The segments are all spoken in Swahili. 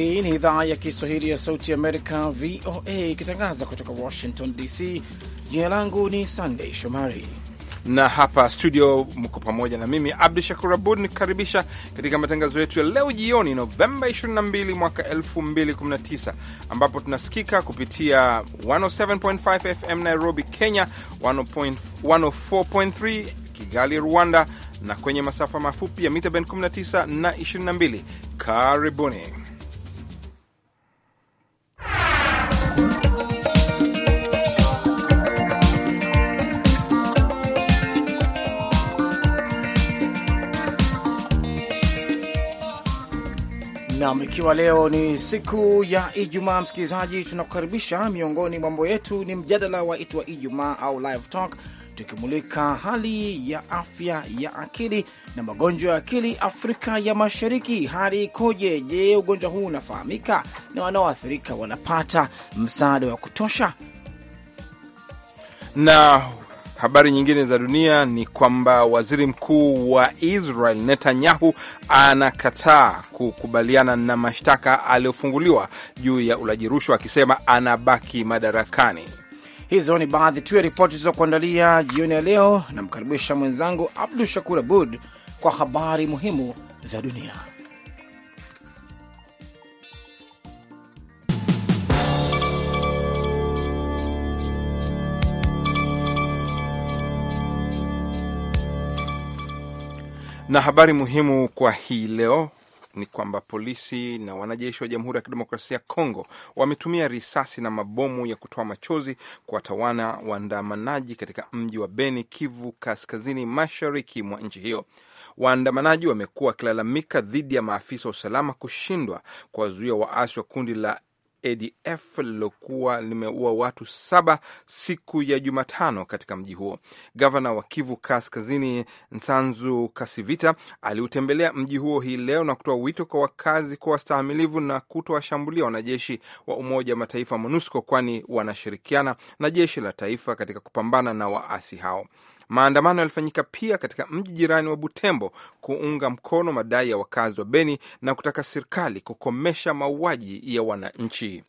Hii ni idhaa ya Kiswahili ya Sauti Amerika, VOA, ikitangaza kutoka Washington DC. Jina langu ni Sandey Shomari na hapa studio mko pamoja na mimi Abdu Shakur Abud nikukaribisha katika matangazo yetu ya leo jioni, Novemba 22 mwaka 2019, ambapo tunasikika kupitia 107.5 FM Nairobi, Kenya, 104.3 Kigali, Rwanda, na kwenye masafa mafupi ya mita bend 19 na 22. Karibuni. Nam, ikiwa leo ni siku ya Ijumaa, msikilizaji, tunakukaribisha. Miongoni mwa mambo yetu ni mjadala waitwa Ijumaa au live talk, tukimulika hali ya afya ya akili na magonjwa ya akili Afrika ya Mashariki. Hali ikoje? Je, ugonjwa huu unafahamika na wanaoathirika wanapata msaada wa kutosha? na Habari nyingine za dunia ni kwamba waziri mkuu wa Israel Netanyahu anakataa kukubaliana na mashtaka aliyofunguliwa juu ya ulaji rushwa, akisema anabaki madarakani. Hizo ni baadhi tu ya ripoti zilizokuandalia jioni ya leo. Namkaribisha mwenzangu Abdu Shakur Abud kwa habari muhimu za dunia. Na habari muhimu kwa hii leo ni kwamba polisi na wanajeshi wa Jamhuri ya Kidemokrasia ya Kongo wametumia risasi na mabomu ya kutoa machozi kuwatawana waandamanaji katika mji wa Beni, Kivu Kaskazini, mashariki mwa nchi hiyo. Waandamanaji wamekuwa wakilalamika dhidi ya maafisa wa usalama kushindwa kuwazuia waasi wa kundi la ADF lililokuwa limeua watu saba siku ya Jumatano katika mji huo. Gavana wa Kivu Kaskazini Nsanzu Kasivita aliutembelea mji huo hii leo na kutoa wito kwa wakazi kuwa wastahamilivu na kutowashambulia wanajeshi wa Umoja wa Mataifa MONUSCO, kwani wanashirikiana na jeshi la taifa katika kupambana na waasi hao. Maandamano yalifanyika pia katika mji jirani wa Butembo kuunga mkono madai ya wakazi wa Beni na kutaka serikali kukomesha mauaji ya wananchi.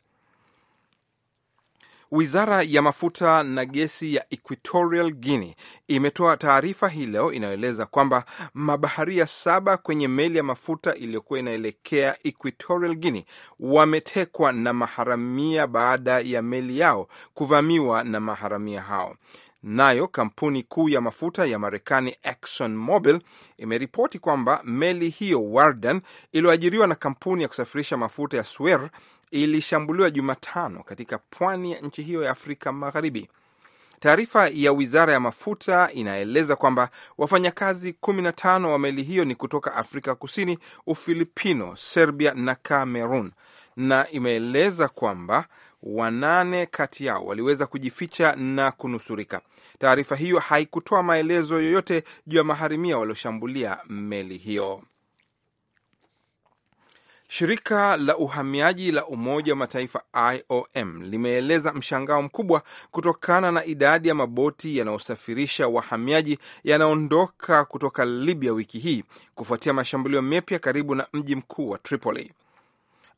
Wizara ya mafuta na gesi ya Equatorial Guinea imetoa taarifa hii leo inayoeleza kwamba mabaharia saba kwenye meli ya mafuta iliyokuwa inaelekea Equatorial Guinea wametekwa na maharamia baada ya meli yao kuvamiwa na maharamia hao. Nayo kampuni kuu ya mafuta ya Marekani Exxon Mobil imeripoti kwamba meli hiyo Warden iliyoajiriwa na kampuni ya kusafirisha mafuta ya Swer ilishambuliwa Jumatano katika pwani ya nchi hiyo ya Afrika Magharibi. Taarifa ya wizara ya mafuta inaeleza kwamba wafanyakazi 15 wa meli hiyo ni kutoka Afrika Kusini, Ufilipino, Serbia na Cameroon, na imeeleza kwamba wanane kati yao waliweza kujificha na kunusurika. Taarifa hiyo haikutoa maelezo yoyote juu ya maharimia walioshambulia meli hiyo. Shirika la uhamiaji la Umoja wa Mataifa IOM limeeleza mshangao mkubwa kutokana na idadi ya maboti yanayosafirisha wahamiaji yanaondoka kutoka Libya wiki hii kufuatia mashambulio mapya karibu na mji mkuu wa Tripoli.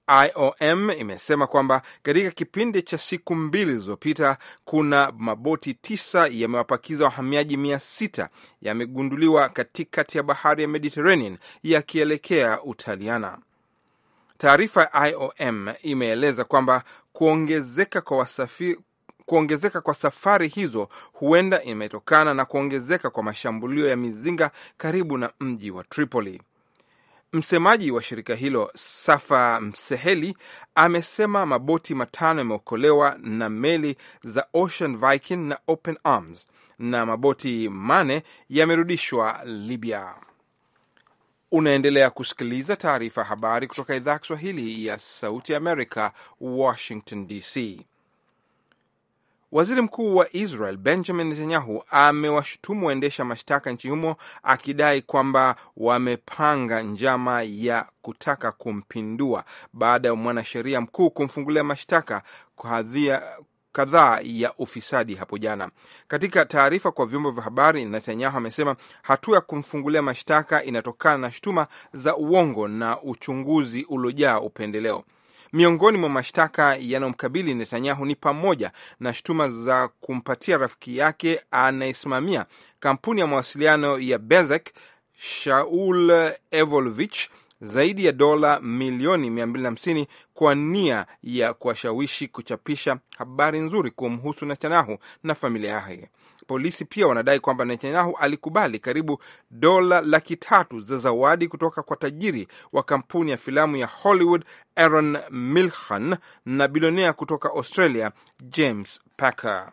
IOM imesema kwamba katika kipindi cha siku mbili zilizopita kuna maboti tisa yamewapakiza wahamiaji mia sita yamegunduliwa katikati ya bahari ya Mediterranean yakielekea Utaliana. Taarifa ya IOM imeeleza kwamba kuongezeka kwa wasafi kuongezeka kwa safari hizo huenda imetokana na kuongezeka kwa mashambulio ya mizinga karibu na mji wa Tripoli. Msemaji wa shirika hilo Safa Mseheli amesema maboti matano yameokolewa na meli za Ocean Viking na Open Arms na maboti mane yamerudishwa Libya. Unaendelea kusikiliza taarifa ya habari kutoka idhaa ya Kiswahili ya Sauti ya Amerika, Washington DC. Waziri mkuu wa Israel Benjamin Netanyahu amewashutumu waendesha mashtaka nchini humo akidai kwamba wamepanga njama ya kutaka kumpindua baada ya mwanasheria mkuu kumfungulia mashtaka kadhaa ya ufisadi hapo jana. Katika taarifa kwa vyombo vya habari, Netanyahu amesema hatua ya kumfungulia mashtaka inatokana na shutuma za uongo na uchunguzi uliojaa upendeleo. Miongoni mwa mashtaka yanayomkabili Netanyahu ni pamoja na shutuma za kumpatia rafiki yake anayesimamia kampuni ya mawasiliano ya Bezek, Shaul Evolvich, zaidi ya dola milioni 250 kwa nia ya kuwashawishi kuchapisha habari nzuri kumhusu Netanyahu na familia yake. Polisi pia wanadai kwamba Netanyahu alikubali karibu dola laki tatu za zawadi kutoka kwa tajiri wa kampuni ya filamu ya Hollywood Aaron Milchan na bilionea kutoka Australia James Packer.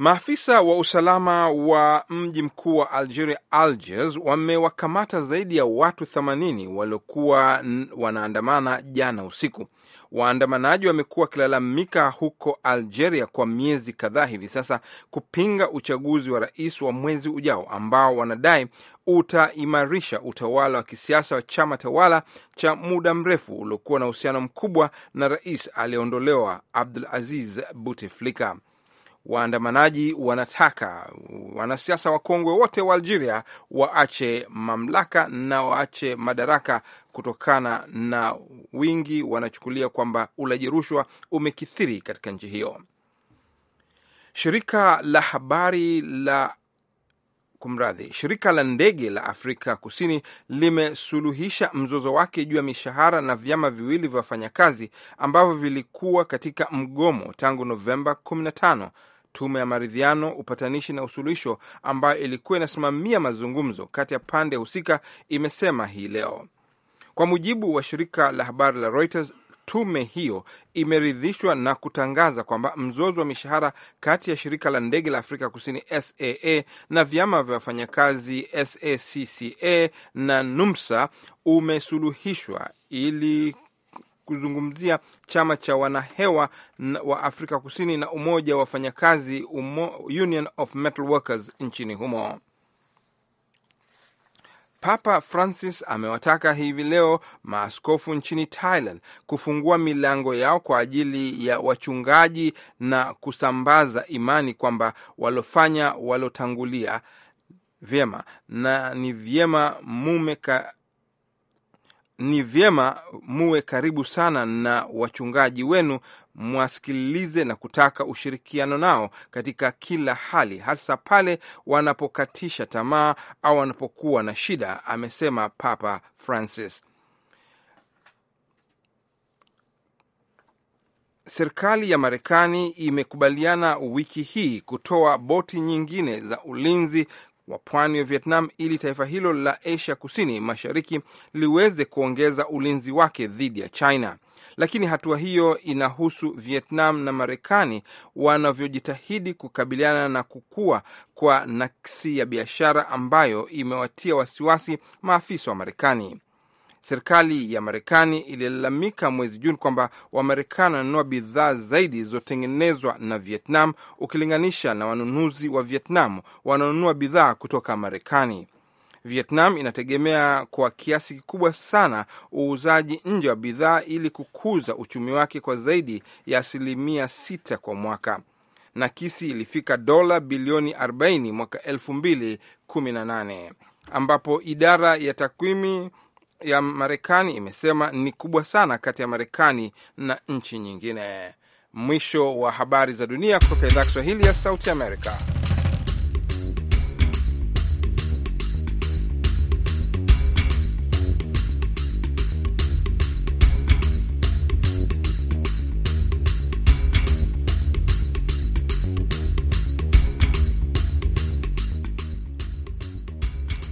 Maafisa wa usalama wa mji mkuu wa Algeria, Algiers, wamewakamata zaidi ya watu 80 waliokuwa wanaandamana jana usiku. Waandamanaji wamekuwa wakilalamika huko Algeria kwa miezi kadhaa hivi sasa kupinga uchaguzi wa rais wa mwezi ujao ambao wanadai utaimarisha utawala wa kisiasa wa chama tawala cha muda mrefu uliokuwa na uhusiano mkubwa na rais aliyeondolewa Abdul Aziz buteflika Waandamanaji wanataka wanasiasa wakongwe wote wa Algeria waache mamlaka na waache madaraka kutokana na wingi wanachukulia kwamba ulaji rushwa umekithiri katika nchi hiyo. Shirika la habari la Kumradhi, shirika la ndege la Afrika Kusini limesuluhisha mzozo wake juu ya mishahara na vyama viwili vya wafanyakazi ambavyo vilikuwa katika mgomo tangu Novemba 15 tume ya maridhiano, upatanishi na usuluhisho ambayo ilikuwa inasimamia mazungumzo kati ya pande husika imesema hii leo, kwa mujibu wa shirika la habari la Reuters. Tume hiyo imeridhishwa na kutangaza kwamba mzozo wa mishahara kati ya shirika la ndege la Afrika Kusini SAA na vyama vya wafanyakazi SACCA na NUMSA umesuluhishwa ili kuzungumzia chama cha wanahewa wa Afrika Kusini na umoja wa wafanyakazi Union of Metal Workers nchini humo. Papa Francis amewataka hivi leo maaskofu nchini Thailand kufungua milango yao kwa ajili ya wachungaji na kusambaza imani kwamba walofanya walotangulia vyema na ni vyema mume ka ni vyema muwe karibu sana na wachungaji wenu, mwasikilize na kutaka ushirikiano nao katika kila hali, hasa pale wanapokatisha tamaa au wanapokuwa na shida, amesema Papa Francis. Serikali ya Marekani imekubaliana wiki hii kutoa boti nyingine za ulinzi wa pwani wa Vietnam ili taifa hilo la Asia kusini mashariki liweze kuongeza ulinzi wake dhidi ya China. Lakini hatua hiyo inahusu Vietnam na Marekani wanavyojitahidi kukabiliana na kukua kwa nakisi ya biashara ambayo imewatia wasiwasi maafisa wa Marekani. Serikali ya Marekani ililalamika mwezi Juni kwamba Wamarekani wananunua bidhaa zaidi zilizotengenezwa na Vietnam ukilinganisha na wanunuzi wa Vietnam wanaonunua bidhaa kutoka Marekani. Vietnam inategemea kwa kiasi kikubwa sana uuzaji nje wa bidhaa ili kukuza uchumi wake kwa zaidi ya asilimia sita kwa mwaka. Nakisi ilifika dola bilioni 40 mwaka 2018 ambapo idara ya takwimu ya Marekani imesema ni kubwa sana kati ya Marekani na nchi nyingine. Mwisho wa habari za dunia kutoka idhaa Kiswahili ya Sauti Amerika.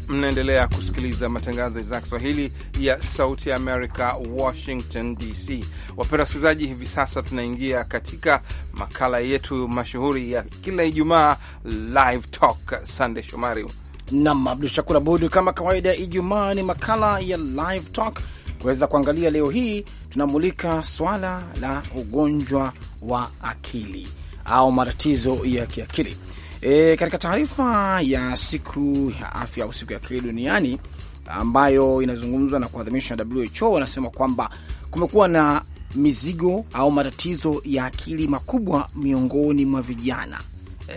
Mnaendelea kusikiliza matangazo ya idhaa Kiswahili ya Sauti ya Amerika, Washington DC. Wapenda wasikilizaji, hivi sasa tunaingia katika makala yetu mashuhuri ya kila Ijumaa, Live Talk. Sande Shomari nam Abdu Shakur Abud, kama kawaida Ijumaa ni makala ya Live Talk kuweza kuangalia. Leo hii tunamulika swala la ugonjwa wa akili au matatizo ya kiakili E, katika taarifa ya siku ya afya au siku ya akili duniani ambayo inazungumzwa na kuadhimishwa na WHO, wanasema kwamba kumekuwa na mizigo au matatizo ya akili makubwa miongoni mwa vijana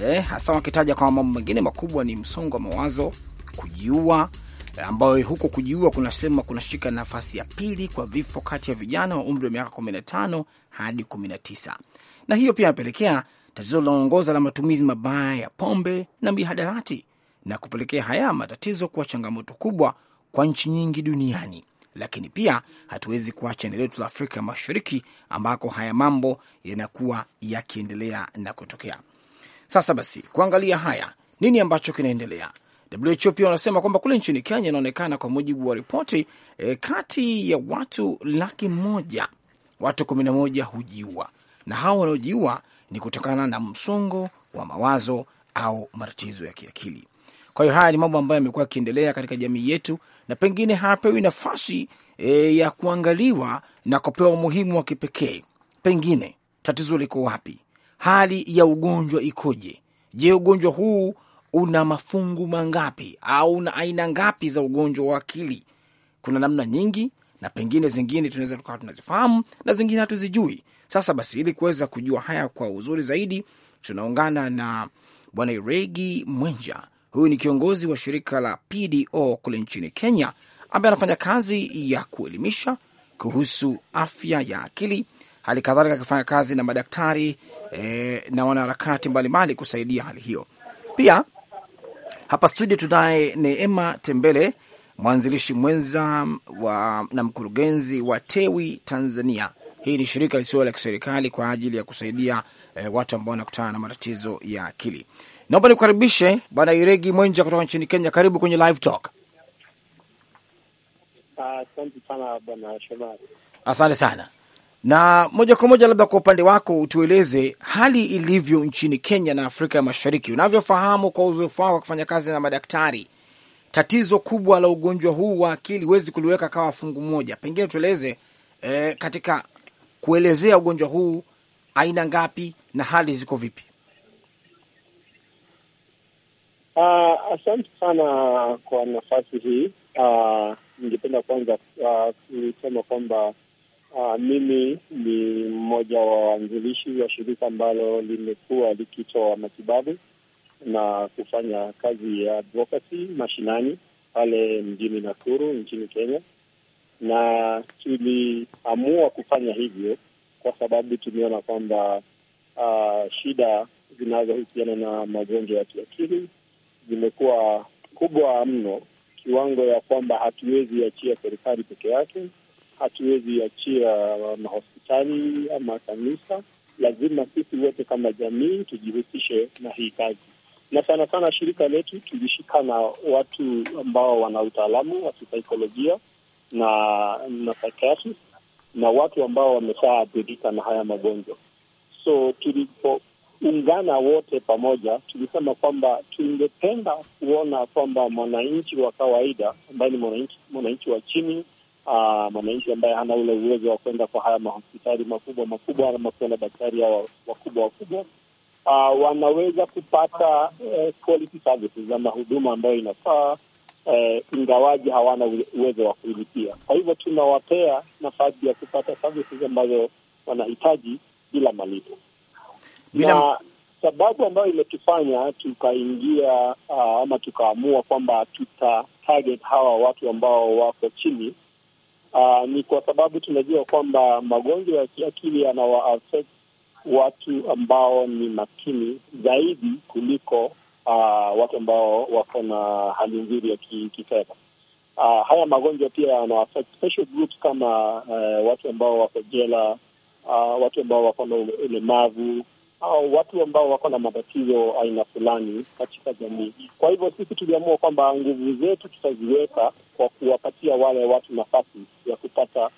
e, hasa wakitaja kwamba mambo mengine makubwa ni msongo wa mawazo, kujiua ambayo huko kujiua kunasema kunashika nafasi ya pili kwa vifo kati ya vijana wa umri wa miaka 15 hadi 19, na hiyo pia inapelekea tatizo linaongoza la matumizi mabaya ya pombe na mihadarati na kupelekea haya matatizo kuwa changamoto kubwa kwa nchi nyingi duniani. Lakini pia hatuwezi kuacha eneo letu la Afrika Mashariki ambako haya mambo yanakuwa yakiendelea na kutokea. Sasa basi, kuangalia haya, nini ambacho kinaendelea? WHO pia wanasema kwamba kule nchini Kenya inaonekana kwa mujibu wa ripoti e, kati ya watu laki moja watu kumi na moja hujiua, na hawa wanaojiua ni kutokana na msongo wa mawazo au matatizo ya kiakili. Kwa hiyo haya ni mambo ambayo yamekuwa yakiendelea katika jamii yetu, na pengine hayapewi nafasi e, ya kuangaliwa na kupewa umuhimu wa kipekee. Pengine tatizo liko wapi? Hali ya ugonjwa ikoje? Je, ugonjwa huu una mafungu mangapi au una aina ngapi za ugonjwa wa akili? Kuna namna nyingi na pengine zingine tunaweza tukawa tunazifahamu na zingine hatuzijui. Sasa basi, ili kuweza kujua haya kwa uzuri zaidi, tunaungana na Bwana Iregi Mwenja. Huyu ni kiongozi wa shirika la PDO kule nchini Kenya, ambaye anafanya kazi ya kuelimisha kuhusu afya ya akili, hali kadhalika akifanya kazi na madaktari eh, na wanaharakati mbalimbali kusaidia hali hiyo. Pia hapa studio tunaye Neema Tembele mwanzilishi mwenza wa, na mkurugenzi wa Tewi Tanzania. Hii ni shirika lisilo la kiserikali kwa ajili ya kusaidia e, watu ambao wanakutana na matatizo ya akili. Naomba nikukaribishe Bwana Iregi Mwenja kutoka nchini Kenya. Karibu kwenye Live Talk. Asante sana bwana Shomari. Asante sana na moja kwa moja, labda kwa upande wako utueleze hali ilivyo nchini Kenya na Afrika ya Mashariki, unavyofahamu kwa uzoefu wako wa kufanya kazi na madaktari tatizo kubwa la ugonjwa huu wa akili huwezi kuliweka kawa fungu moja. Pengine tueleze e, katika kuelezea ugonjwa huu aina ngapi na hali ziko vipi? Uh, asante sana kwa nafasi hii. Uh, ningependa kwanza ah, kusema uh, kwamba uh, mimi ni mmoja wa waanzilishi wa shirika ambalo limekuwa likitoa matibabu na kufanya kazi ya advocacy mashinani pale mjini Nakuru nchini Kenya, na tuliamua kufanya hivyo kwa sababu tumeona kwamba uh, shida zinazohusiana na magonjwa ya kiakili zimekuwa kubwa mno, kiwango ya kwamba hatuwezi achia serikali peke yake, hatuwezi achia mahospitali ama kanisa. Lazima sisi wote kama jamii tujihusishe na hii kazi na sana sana shirika letu tulishika na watu ambao wana utaalamu wa kisaikolojia na na psychiatrist na watu ambao wameshaathirika na haya magonjwa. So tulipoungana wote pamoja, tulisema kwamba tungependa kuona kwamba mwananchi wa kawaida ambaye ni mwananchi wa chini Uh, mwananchi ambaye hana ule uwezo wa kwenda kwa haya mahospitali makubwa makubwa ama kuenda daktari hao wakubwa wakubwa uh, wanaweza kupata uh, quality services na mahuduma ambayo inafaa uh, eh, ingawaji hawana uwezo wa kuilipia. Kwa hivyo tunawapea nafasi ya kupata services ambazo wanahitaji bila malipo bila... na sababu ambayo imetufanya tukaingia uh, ama tukaamua kwamba tuta target hawa watu ambao wako chini uh, ni kwa sababu tunajua kwamba magonjwa ya kiakili yanawa affect watu ambao ni makini zaidi kuliko uh, watu ambao wako na hali nzuri ya kifedha. Uh, haya magonjwa pia yana affect special groups kama uh, watu ambao wako jela, uh, watu ambao wako na ulemavu au watu ambao wako na matatizo aina fulani katika jamii. Kwa hivyo sisi tuliamua kwamba nguvu zetu tutaziweka kwa kuwapatia wale watu nafasi ya kupata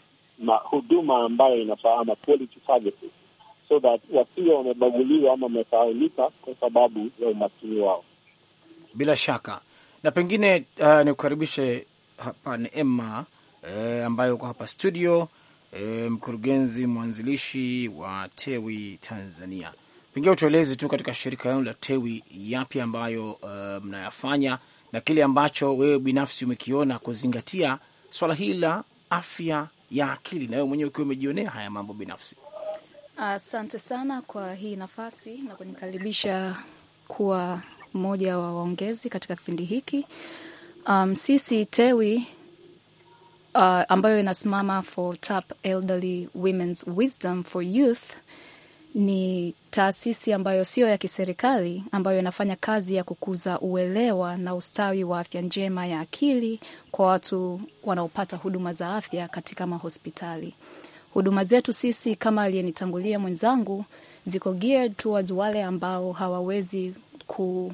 huduma ambayo inafaa ama quality services so that wasiwe wamebaguliwa ama wamesahaulika kwa sababu ya umaskini wao. Bila shaka na pengine uh, nikukaribishe hapa Emma eh, ambayo uko hapa studio eh, mkurugenzi mwanzilishi wa Tewi Tanzania. Pengine utueleze tu katika shirika lenu la Tewi yapi ambayo uh, mnayafanya na kile ambacho wewe binafsi umekiona kuzingatia swala hili la afya ya akili, na wewe mwenyewe ukiwa umejionea haya mambo binafsi. Asante sana kwa hii nafasi na kunikaribisha kuwa mmoja wa waongezi katika kipindi hiki. Um, sisi TEWI uh, ambayo inasimama for Tap Elderly Women's Wisdom for Youth ni taasisi ambayo sio ya kiserikali ambayo inafanya kazi ya kukuza uelewa na ustawi wa afya njema ya akili kwa watu wanaopata huduma za afya katika mahospitali huduma zetu sisi kama aliyenitangulia mwenzangu ziko geared towards wale ambao hawawezi ku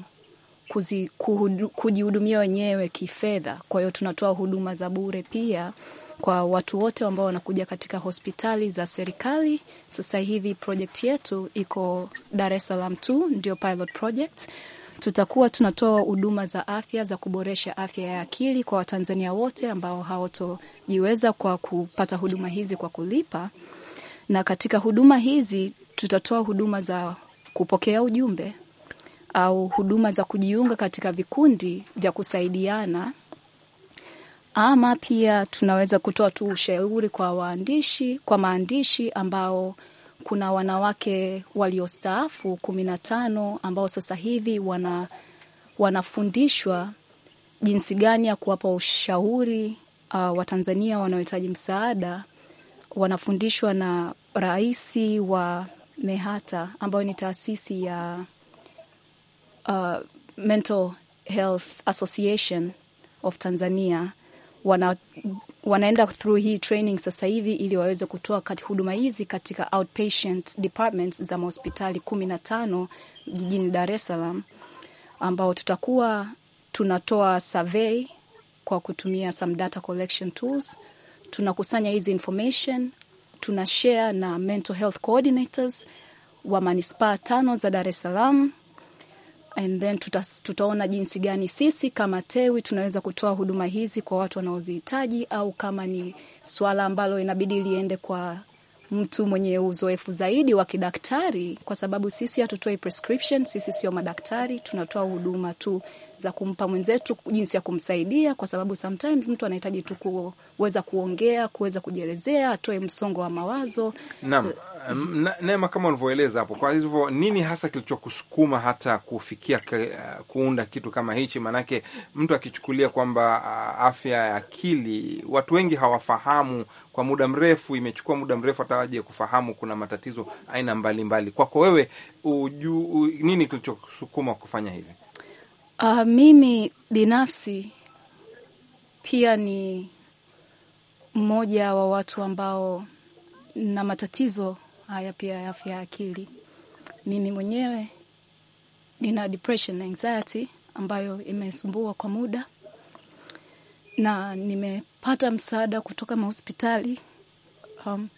kuzi, kuhudu, kujihudumia wenyewe kifedha. Kwa hiyo tunatoa huduma za bure pia kwa watu wote ambao wanakuja katika hospitali za serikali. Sasa hivi project yetu iko Dar es Salaam tu, ndio pilot project tutakuwa tunatoa huduma za afya za kuboresha afya ya akili kwa Watanzania wote ambao hawatojiweza kwa kupata huduma hizi kwa kulipa. Na katika huduma hizi tutatoa huduma za kupokea ujumbe au huduma za kujiunga katika vikundi vya kusaidiana, ama pia tunaweza kutoa tu ushauri kwa waandishi, kwa maandishi ambao kuna wanawake waliostaafu kumi na tano ambao sasa hivi wana, wanafundishwa jinsi gani ya kuwapa ushauri uh, Watanzania wanaohitaji msaada. Wanafundishwa na rais wa MEHATA ambayo ni taasisi ya uh, Mental Health Association of Tanzania. Wana, wanaenda through hii training sasa hivi ili waweze kutoa huduma hizi katika outpatient departments za mahospitali kumi na tano jijini Dar es Salaam, ambao tutakuwa tunatoa survey kwa kutumia some data collection tools. Tunakusanya hizi information, tuna share na mental health coordinators wa manispaa tano za Dar es Salaam and then tuta, tutaona jinsi gani sisi kama TEWI tunaweza kutoa huduma hizi kwa watu wanaozihitaji, au kama ni swala ambalo inabidi liende kwa mtu mwenye uzoefu zaidi wa kidaktari, kwa sababu sisi hatutoi prescription. Sisi sio madaktari, tunatoa huduma tu za kumpa mwenzetu jinsi ya kumsaidia, kwa sababu sometimes mtu anahitaji tu kuweza kuongea, kuweza kujielezea, atoe msongo wa mawazo. Naam, Neema, kama ulivyoeleza hapo. Kwa hivyo nini hasa kilichokusukuma hata kufikia ke, eh, kuunda kitu kama hichi? Maanake mtu akichukulia kwamba ah, afya ya akili watu wengi hawafahamu kwa muda mrefu, imechukua muda mrefu hata waje kufahamu kuna matatizo aina mbalimbali. Kwako wewe uju, u, nini kilichokusukuma kufanya hivi? Uh, mimi binafsi pia ni mmoja wa watu ambao na matatizo haya pia ya afya ya akili. Mimi mwenyewe nina depression anxiety ambayo imesumbua kwa muda, na nimepata msaada kutoka mahospitali. Um,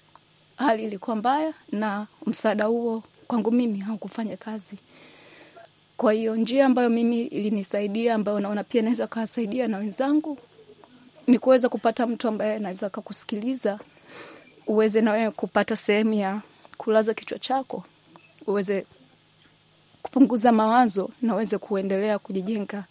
hali ilikuwa mbaya na msaada huo kwangu mimi haukufanya kazi. Kwa hiyo njia ambayo mimi ilinisaidia, ambayo naona pia naweza kawasaidia na wenzangu ni kuweza kupata mtu ambaye anaweza kakusikiliza, uweze nawe kupata sehemu ya kulaza kichwa chako, uweze kupunguza mawazo na uweze kuendelea kujijenga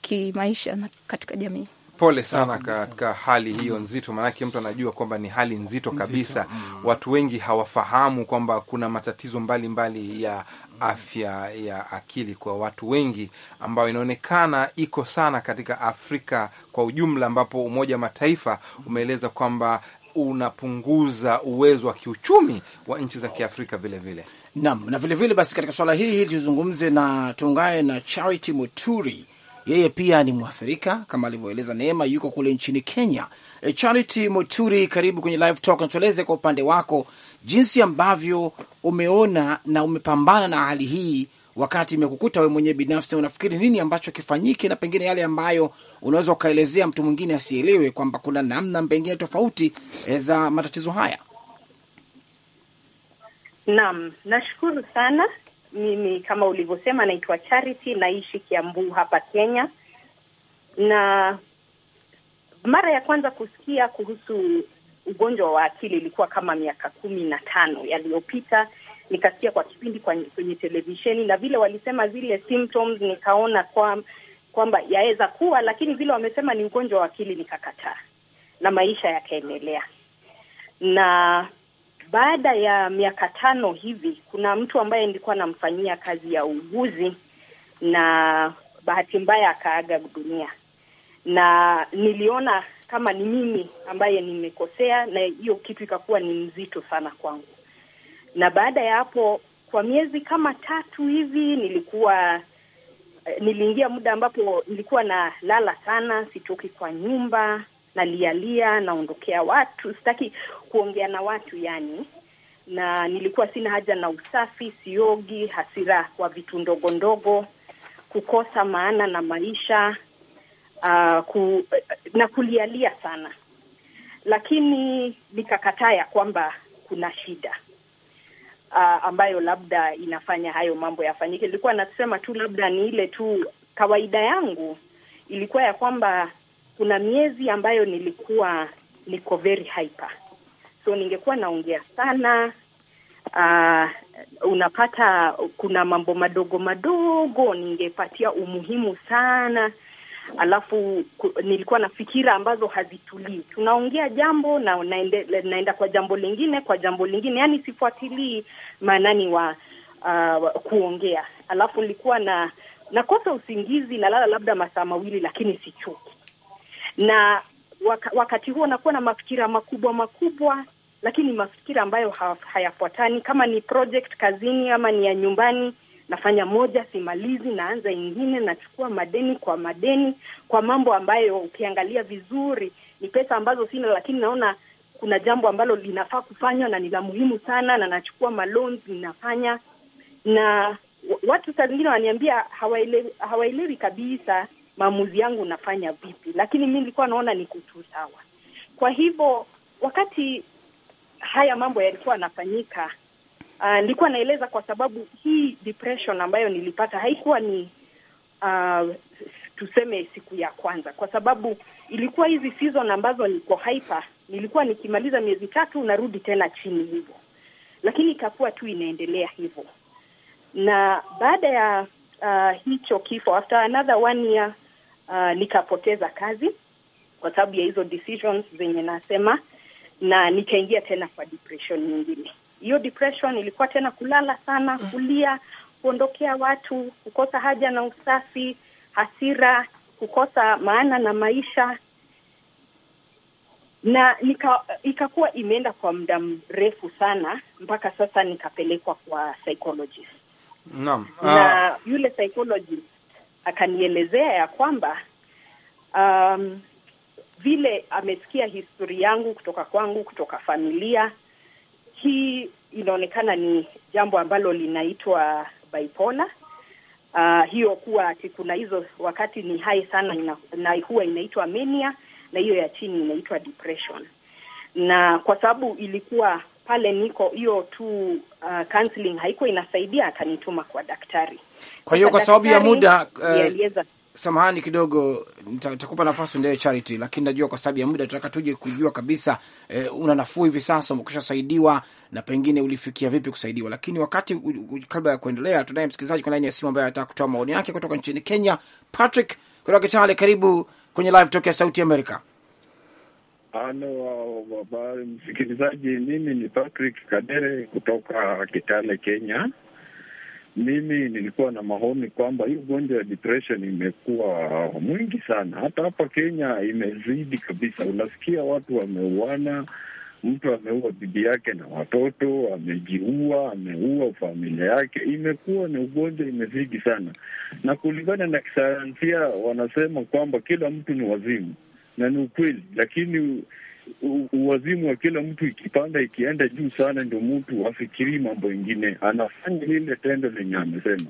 kimaisha na katika jamii. Pole sana katika hali hiyo nzito, maanake mtu anajua kwamba ni hali nzito kabisa. Mm. Watu wengi hawafahamu kwamba kuna matatizo mbalimbali mbali ya afya ya akili kwa watu wengi, ambayo inaonekana iko sana katika Afrika kwa ujumla, ambapo Umoja wa Mataifa umeeleza kwamba unapunguza uwezo wa kiuchumi wa nchi za Kiafrika vilevile. Naam, na vilevile vile, basi katika swala hili hili tuzungumze na tuungane na Charity Muturi yeye pia ni mwathirika kama alivyoeleza Neema, yuko kule nchini Kenya. E, Charity Moturi, karibu kwenye Live Talk, natueleze kwa upande wako jinsi ambavyo umeona na umepambana na hali hii wakati imekukuta wewe mwenyewe binafsi, unafikiri nini ambacho kifanyike, na pengine yale ambayo unaweza ukaelezea mtu mwingine asielewe kwamba kuna namna pengine tofauti e, za matatizo haya? Naam, nashukuru sana mimi kama ulivyosema, naitwa Charity, naishi Kiambu hapa Kenya, na mara ya kwanza kusikia kuhusu ugonjwa wa akili ilikuwa kama miaka kumi na tano yaliyopita. Nikasikia kwa kipindi kwenye televisheni na vile walisema zile symptoms, nikaona kwa kwamba yaweza kuwa, lakini vile wamesema ni ugonjwa wa akili nikakataa, na maisha yakaendelea na baada ya miaka tano hivi, kuna mtu ambaye nilikuwa namfanyia kazi ya uuguzi na bahati mbaya akaaga dunia, na niliona kama ni mimi ambaye nimekosea, na hiyo kitu ikakuwa ni mzito sana kwangu. Na baada ya hapo, kwa miezi kama tatu hivi nilikuwa eh, niliingia muda ambapo nilikuwa na lala sana, sitoki kwa nyumba nalialia, naondokea watu, sitaki kuongea na watu yani, na nilikuwa sina haja na usafi, siogi, hasira kwa vitu ndogo ndogo, kukosa maana na maisha uh, ku, na kulialia sana, lakini nikakataa ya kwamba kuna shida uh, ambayo labda inafanya hayo mambo yafanyike. Nilikuwa nasema tu labda ni ile tu kawaida yangu ilikuwa ya kwamba kuna miezi ambayo nilikuwa niko very hyper, so ningekuwa naongea sana. Uh, unapata kuna mambo madogo madogo ningepatia umuhimu sana, alafu ku, nilikuwa na fikira ambazo hazitulii. Tunaongea jambo na naende, naenda kwa jambo lingine kwa jambo lingine, yani sifuatilii maanani wa uh, kuongea. Alafu nilikuwa na nakosa usingizi, nalala labda masaa mawili, lakini sichoki na waka, wakati huo nakuwa na mafikira makubwa makubwa, lakini mafikira ambayo hayafuatani. Kama ni project kazini ama ni ya nyumbani, nafanya moja simalizi, naanza ingine, nachukua madeni kwa madeni kwa mambo ambayo ukiangalia vizuri ni pesa ambazo sina, lakini naona kuna jambo ambalo linafaa kufanywa na ni la muhimu sana, na nachukua maloans ninafanya. Na watu saa zingine wananiambia hawaelewi, hawaelewi kabisa maamuzi yangu nafanya vipi, lakini mi nilikuwa naona niko tu sawa. Kwa hivyo wakati haya mambo yalikuwa yanafanyika, uh, nilikuwa naeleza kwa sababu hii depression ambayo nilipata haikuwa ni uh, tuseme siku ya kwanza, kwa sababu ilikuwa hizi season ambazo niko hyper, nilikuwa nikimaliza miezi tatu narudi tena chini hivyo, lakini ikakuwa tu inaendelea hivyo, na baada ya uh, hicho kifo after another one year uh, nikapoteza kazi kwa sababu ya hizo decisions zenye nasema, na nikaingia tena kwa depression nyingine. Hiyo depression ilikuwa tena kulala sana, mm. kulia, kuondokea watu, kukosa haja na usafi, hasira, kukosa maana na maisha na nika, ikakuwa imeenda kwa muda mrefu sana mpaka sasa nikapelekwa kwa psychologist. Naam. Na ah. yule psychologist akanielezea ya kwamba um, vile amesikia historia yangu kutoka kwangu, kutoka familia hii, inaonekana ni jambo ambalo linaitwa bipolar. Uh, hiyo kuwa ati kuna hizo wakati ni hai sana ina, na huwa inaitwa mania na hiyo ya chini inaitwa depression, na kwa sababu ilikuwa pale niko hiyo tu uh, counseling haiko inasaidia, akanituma kwa daktari. Kwa hiyo kwa sababu ya muda uh, samahani kidogo, nitakupa nafasi uendelee Charity, lakini najua kwa sababu ya muda tunataka tuje kujua kabisa eh, una nafuu hivi sasa, umekushasaidiwa na pengine ulifikia vipi kusaidiwa. Lakini wakati kabla ya kuendelea, tunaye msikilizaji kwa laini ya simu ambaye anataka kutoa maoni yake kutoka nchini Kenya. Patrick kutoka Kitale, karibu kwenye live talk ya Sauti Amerika. Halo msikilizaji, mimi ni Patrick Kadere kutoka Kitale, Kenya. Mimi nilikuwa na maoni kwamba hii ugonjwa ya depression imekuwa mwingi sana, hata hapa Kenya imezidi kabisa. Unasikia watu wameuana, mtu ameua bibi yake na watoto, amejiua, ameua familia yake. Imekuwa ni ugonjwa imezidi sana, na kulingana na kisayansia wanasema kwamba kila mtu ni wazimu na ni ukweli, lakini uwazimu wa kila mtu ikipanda ikienda juu sana, ndio mtu afikirii mambo ingine, anafanya lile tendo lenye amesema.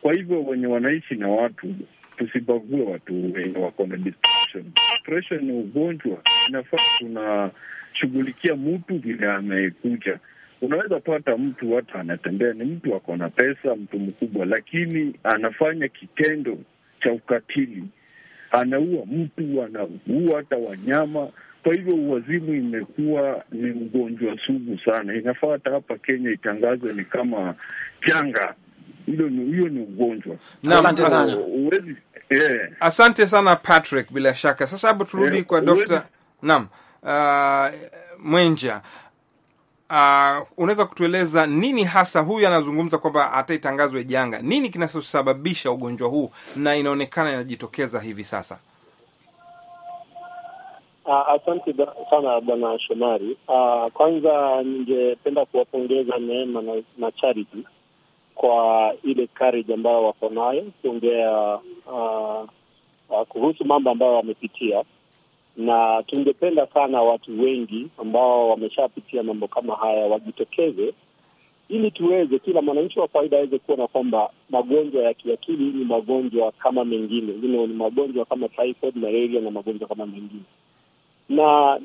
Kwa hivyo wenye wanaishi na watu tusibague watu wenye wako na depression. Depression ni ugonjwa, inafaa tunashughulikia mtu vile amekuja. Unaweza pata mtu hata anatembea, ni mtu ako na pesa, mtu mkubwa, lakini anafanya kitendo cha ukatili anaua mtu, anaua hata wanyama. Kwa hivyo uwazimu imekuwa ni ugonjwa sugu sana, inafaa hata hapa Kenya itangazwe ni kama janga. Hiyo ni ugonjwa. Asante sana, yeah. Eh. Asante sana Patrick, bila shaka sasa hapo turudi yeah, kwa Dr. Naam, uh, Mwenja uh, unaweza kutueleza nini hasa huyu anazungumza kwamba ataitangazwe janga, nini kinachosababisha ugonjwa huu na inaonekana inajitokeza hivi sasa? Uh, asante sana bwana Shomari. Uh, kwanza ningependa kuwapongeza Neema na, na Charity kwa ile courage ambayo wako nayo kuongea uh, uh, kuhusu mambo ambayo wamepitia na tungependa sana watu wengi ambao wameshapitia mambo kama haya wajitokeze, ili tuweze, kila mwananchi wa kawaida aweze kuona kwamba magonjwa ya kiakili ni magonjwa kama mengine, ni magonjwa kama typhoid, malaria na magonjwa kama mengine. Na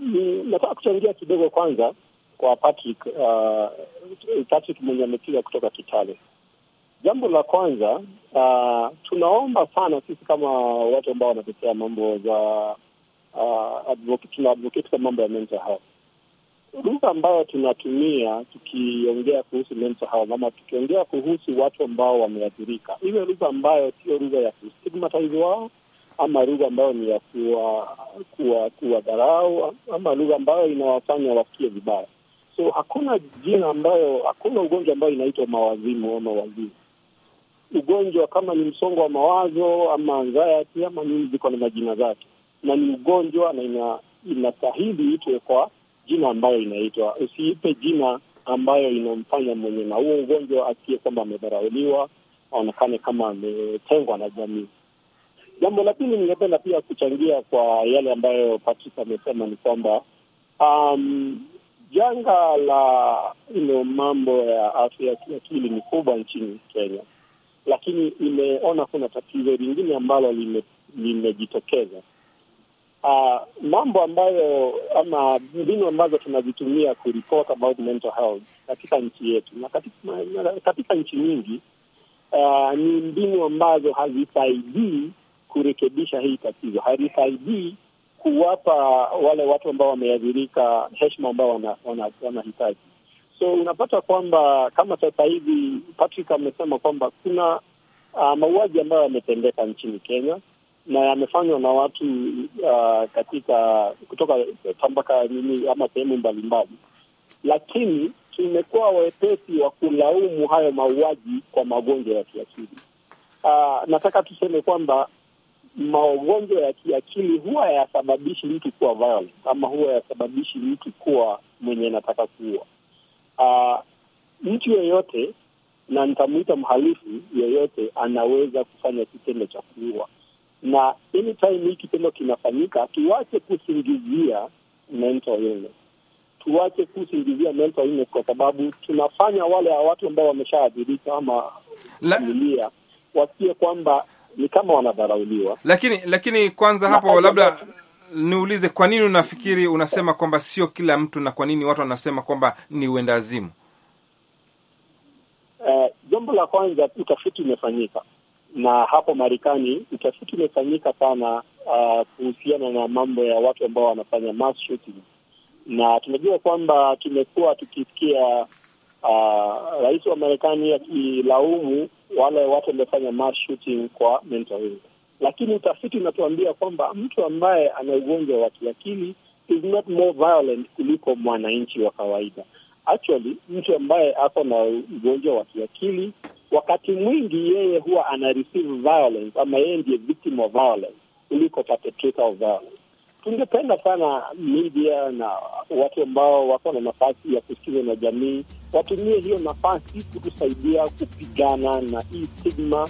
nataka kuchangia kidogo kwanza kwa Patrick, uh, Patrick mwenye amepiga kutoka Kitale. Jambo la kwanza, uh, tunaomba sana sisi kama watu ambao wanatetea mambo za uh, tuna advocate kwa mambo ya mental health. Lugha ambayo tunatumia tukiongea kuhusu mental health ama tukiongea kuhusu watu ambao wameathirika, iwe lugha ambayo sio lugha ya kustigmatize wao ama lugha ambayo ni ya kuwa dharau ama lugha ambayo inawafanya wafikie vibaya. So hakuna jina ambayo, hakuna ugonjwa ambayo inaitwa mawazimu ama wazimu. Ugonjwa kama ni msongo wa mawazo ama anxiety ama nini, ziko na majina zake na ni ugonjwa na ina, inastahili itwe kwa jina ambayo inaitwa. Usiipe jina ambayo inamfanya mwenye na huo ugonjwa asikie kwamba amedharauliwa, aonekane kama ametengwa na jamii. Jambo la pili, ningependa pia kuchangia kwa yale ambayo Patrick amesema ni kwamba um, janga la ilo mambo ya afya ya kiakili ni kubwa nchini Kenya, lakini imeona kuna tatizo lingine ambalo limejitokeza lime uh, mambo ambayo ama mbinu ambazo tunazitumia kuriport about mental health katika nchi yetu na katika, katika nchi nyingi uh, ni mbinu ambazo hazisaidii kurekebisha hii tatizo, hazisaidii kuwapa wale watu ambao wameathirika heshima ambao wanahitaji so unapata kwamba kama sasa hivi Patrick amesema kwamba kuna uh, mauaji ambayo yametendeka nchini Kenya na yamefanywa na watu uh, katika kutoka tambaka nini ama sehemu mbalimbali, lakini tumekuwa wepesi wa kulaumu hayo mauaji kwa magonjwa ya kiakili. Uh, nataka tuseme kwamba magonjwa ya kiakili huwa yasababishi mtu kuwa violent, ama huwa yasababishi mtu kuwa mwenye nataka kuua uh, mtu yeyote, na nitamwita mhalifu yeyote, anaweza kufanya kitendo cha kuua na anytime hii kitendo kinafanyika, tuwache kusingizia mental illness, tuwache kusingizia mental illness, kwa sababu tunafanya wale watu ambao wameshaadhirika ama familia wasikie kwamba ni kama wanadharauliwa. Lakini lakini kwanza na hapo labda niulize, kwa nini unafikiri unasema kwamba sio kila mtu, na kwa nini watu wanasema kwamba ni uendazimu? Eh, jambo la kwanza, utafiti umefanyika na hapo Marekani utafiti umefanyika sana uh, kuhusiana na mambo ya watu ambao wanafanya mass shooting, na tunajua kwamba tumekuwa tukisikia Uh, rais wa Marekani akilaumu wale watu waliofanya mass shooting kwa mental health, lakini utafiti unatuambia kwamba mtu ambaye ana ugonjwa wa kiakili is not more violent kuliko mwananchi wa kawaida. Actually, mtu ambaye ako na ugonjwa wa kiakili wakati mwingi yeye huwa ana receive violence ama yeye ndiye victim of violence kuliko perpetrator of violence. Tungependa sana media na watu ambao wako na nafasi ya kusikiza na jamii watumie hiyo nafasi kutusaidia kupigana na hii stigma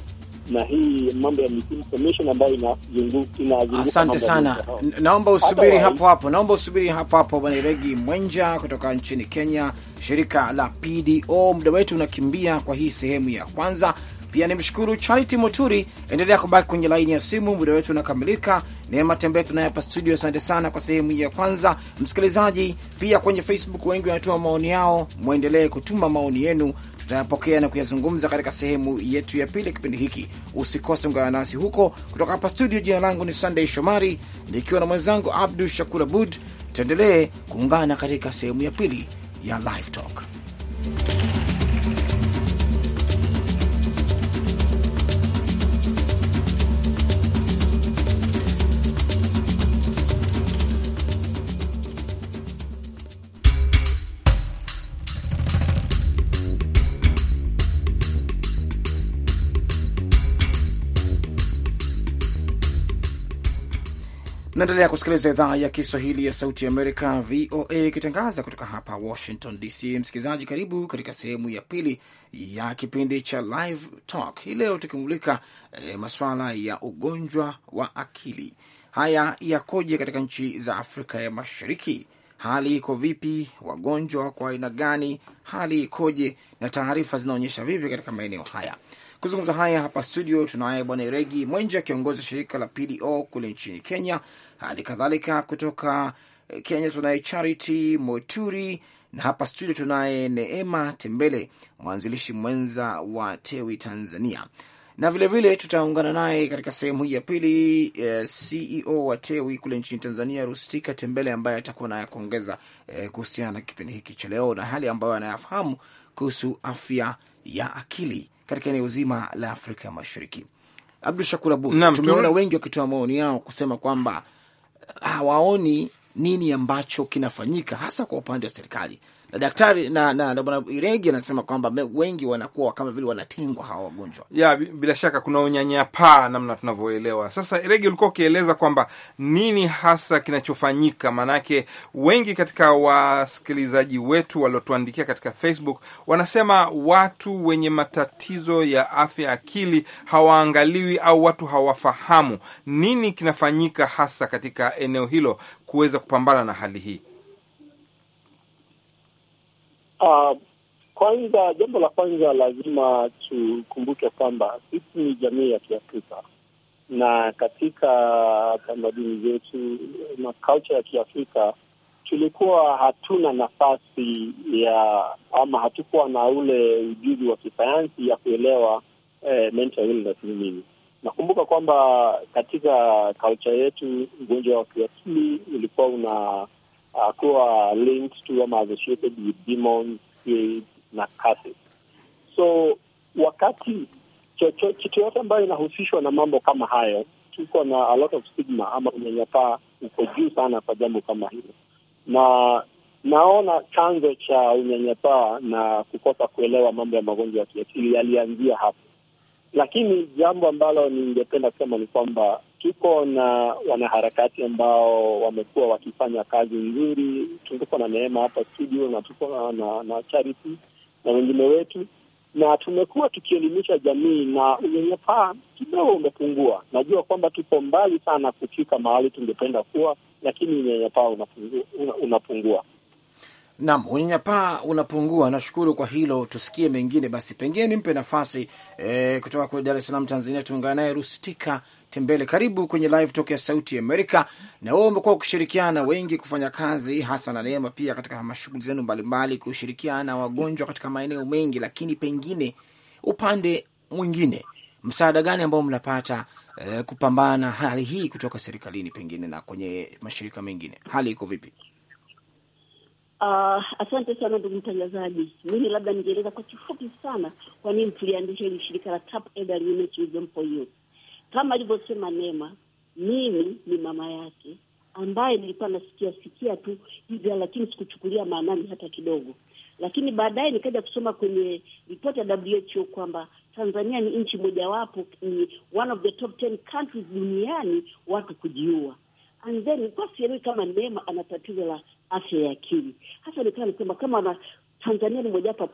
na hii mambo ya misimu commission ambayo inazunguka. Asante sana, naomba usubiri hapo hapo, naomba usubiri hapo hapo, Bwana Regi Mwenja kutoka nchini Kenya, shirika la PDO. Muda wetu unakimbia kwa hii sehemu ya kwanza. Pia ni mshukuru Charity Moturi, endelea kubaki kwenye laini ya simu, muda wetu unakamilika. Neema Tembee tunaye hapa studio, asante sana kwa sehemu hii ya kwanza. Msikilizaji pia kwenye Facebook wengi wanatuma maoni yao, mwendelee kutuma maoni yenu, tutayapokea na kuyazungumza katika sehemu yetu ya pili kipindi hiki. Usikose, ungana nasi huko kutoka hapa studio. Jina langu ni Sunday Shomari nikiwa na mwenzangu Abdu Shakur Abud. Tuendelee kuungana katika sehemu ya pili ya Live Talk. Naendelea kusikiliza idhaa ya Kiswahili ya Sauti ya Amerika, VOA, ikitangaza kutoka hapa Washington DC. Msikilizaji, karibu katika sehemu ya pili ya kipindi cha Live Talk hii leo, tukimulika e, eh, masuala ya ugonjwa wa akili. Haya yakoje katika nchi za Afrika ya Mashariki? Hali iko vipi? Wagonjwa kwa aina gani? Hali ikoje? Na taarifa zinaonyesha vipi katika maeneo haya? Kuzungumza haya hapa studio tunaye Bwana Iregi Mwenje, kiongozi wa shirika la PDO kule nchini Kenya. Hali kadhalika kutoka eh, Kenya tunaye Charity Moturi na hapa studio tunaye Neema Tembele, mwanzilishi mwenza wa Tewi Tanzania, na vilevile tutaungana naye katika sehemu hii ya pili eh, CEO wa Tewi kule nchini Tanzania, Rustika Tembele, ambaye atakuwa naye kuongeza eh, kuhusiana na kipindi hiki cha leo na hali ambayo anayafahamu kuhusu afya ya akili katika eneo zima la Afrika Mashariki. Abdu Shakur Abud, tumeona wengi wakitoa maoni yao kusema kwamba eh, hawaoni nini ambacho kinafanyika hasa kwa upande wa serikali na daktari na na bwana Iregi anasema kwamba wengi wanakuwa kama vile wanatengwa hawa wagonjwa ya bila shaka, kuna unyanyapaa namna tunavyoelewa sasa. Iregi, ulikuwa ukieleza kwamba nini hasa kinachofanyika, maanake wengi katika wasikilizaji wetu waliotuandikia katika Facebook wanasema watu wenye matatizo ya afya akili hawaangaliwi au watu hawafahamu nini kinafanyika hasa katika eneo hilo kuweza kupambana na hali hii. Uh, kwanza, jambo la kwanza lazima tukumbuke kwamba sisi ni jamii ya Kiafrika na katika tamaduni zetu na culture ya Kiafrika tulikuwa hatuna nafasi ya ama hatukuwa na ule ujuzi wa kisayansi ya kuelewa eh, mental illness ni nini. Nakumbuka kwamba katika culture yetu ugonjwa wa kiakili ulikuwa una uh, kuwa linked to ama associated with demons, spirits na curses. So wakati chochote kitu yote ambayo inahusishwa na mambo kama hayo, tuko na a lot of stigma ama unyanyapaa uko juu sana kwa jambo kama hilo, na naona chanzo cha unyanyapaa na kukosa kuelewa mambo ya magonjwa ya kiasili yalianzia hapo, lakini jambo ambalo ningependa kusema ni kwamba tuko na wanaharakati ambao wamekuwa wakifanya kazi nzuri. Tuko na Neema hapa studio na tuko na, na Charity na wengine wetu, na tumekuwa tukielimisha jamii na unyanyapaa kidogo umepungua. Najua kwamba tuko mbali sana kufika mahali tungependa kuwa, lakini unyanyapaa unapungua, unapungua. Naam, unyanyapaa unapungua. Nashukuru kwa hilo. Tusikie mengine basi, pengine nimpe nafasi e, kutoka kule Dar es Salaam, Tanzania. Tuungana naye Rustika Tembele, karibu kwenye Live Talk ya Sauti Amerika. Na wewe umekuwa ukishirikiana wengi kufanya kazi hasa na Neema pia katika mashughuli zenu mbalimbali, kushirikiana wagonjwa katika maeneo mengi, lakini pengine upande mwingine, msaada gani ambao mnapata e, kupambana hali hii kutoka serikalini pengine na kwenye mashirika mengine, hali iko vipi? Uh, asante sana ndugu mtangazaji. Mimi labda ningeeleza kwa kifupi sana kwa nini tuliandisha hili shirika la Tap Elder Women's Wisdom for Youth. Kama alivyosema Neema, mimi ni mama yake ambaye nilikuwa nasikia sikia tu hivi, lakini sikuchukulia maanani hata kidogo, lakini baadaye nikaja kusoma kwenye ripoti ya WHO kwamba Tanzania ni nchi mojawapo, ni one of the top 10 countries duniani watu kujiua, and then kwa sielewi kama Neema ana tatizo la afya ya akili. Hasa nikawa nikisema kama na Tanzania ni mojawapo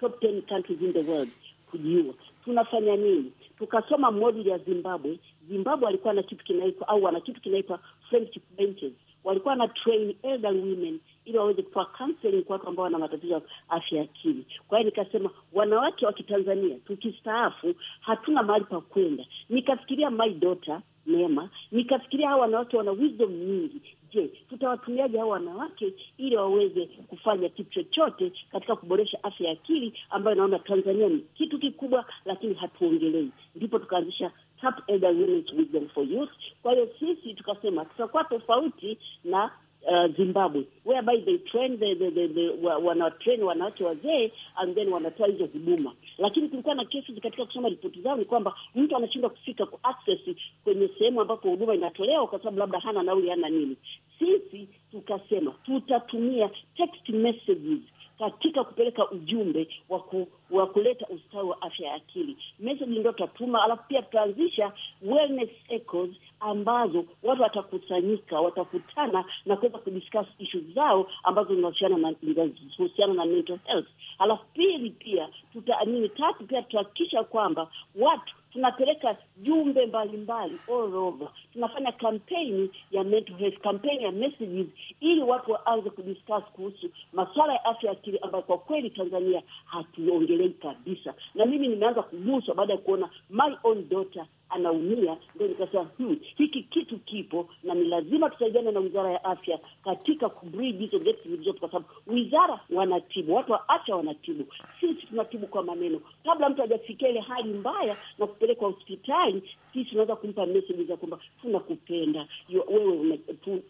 top ten countries in the world kujiua, tunafanya nini? Tukasoma moduli ya Zimbabwe. Zimbabwe alikuwa na kitu kinaitwa au wana kitu kinaitwa friendship benches, walikuwa na train elder women ili waweze kutoa counseling kwa watu ambao wana matatizo ya afya ya akili. Kwa hiyo nikasema wanawake wa Kitanzania tukistaafu hatuna mahali pa kwenda. Nikafikiria my daughter Neema, nikafikiria hawa wanawake wana wisdom nyingi, Je, tutawatumiaje hao wanawake ili waweze kufanya kitu chochote katika kuboresha afya ya akili ambayo naona Tanzania ni kitu kikubwa, lakini hatuongelei. Ndipo tukaanzisha Tap Elder Women's Wisdom for Youth. Kwa hiyo sisi tukasema tutakuwa tofauti na Uh, Zimbabwe whereby they train the, the, the, the, wanatrain wanawake wazee and then wanatoa hizo huduma. Lakini kulikuwa na kesi katika kusoma ripoti zao, ni kwamba mtu anashindwa kufika ku access kwenye sehemu ambapo huduma inatolewa kwa sababu labda hana nauli, hana nini. Sisi tukasema tutatumia text messages katika kupeleka ujumbe wa ku, wa kuleta ustawi wa afya ya akili. Message ndio tutatuma, alafu pia tutaanzisha wellness echoes ambazo watu watakusanyika, watakutana na kuweza kudiscuss issues zao ambazo zinahusiana na zinahusiana na mental health. Halafu pili pia tutaamini, tatu pia tutahakikisha kwamba watu tunapeleka jumbe mbalimbali all over, tunafanya kampeni ya mental health, kampeni ya messages, ili watu waanze kudiscuss kuhusu masuala ya afya ya akili ambayo kwa kweli Tanzania hatuongelei kabisa. Na mimi nimeanza kuguswa baada ya kuona my own daughter anaumia, ndio nikasema hmm, hiki kitu kipo na ni lazima tusaidiane na wizara ya afya katika kubridge hizo geti zilizopo, kwa sababu wizara wanatibu, watu wa afya wanatibu, sisi tunatibu kwa maneno. Kabla mtu hajafikia ile hali mbaya na kupelekwa hospitali, sisi tunaweza kumpa message za kwamba tunakupenda wewe,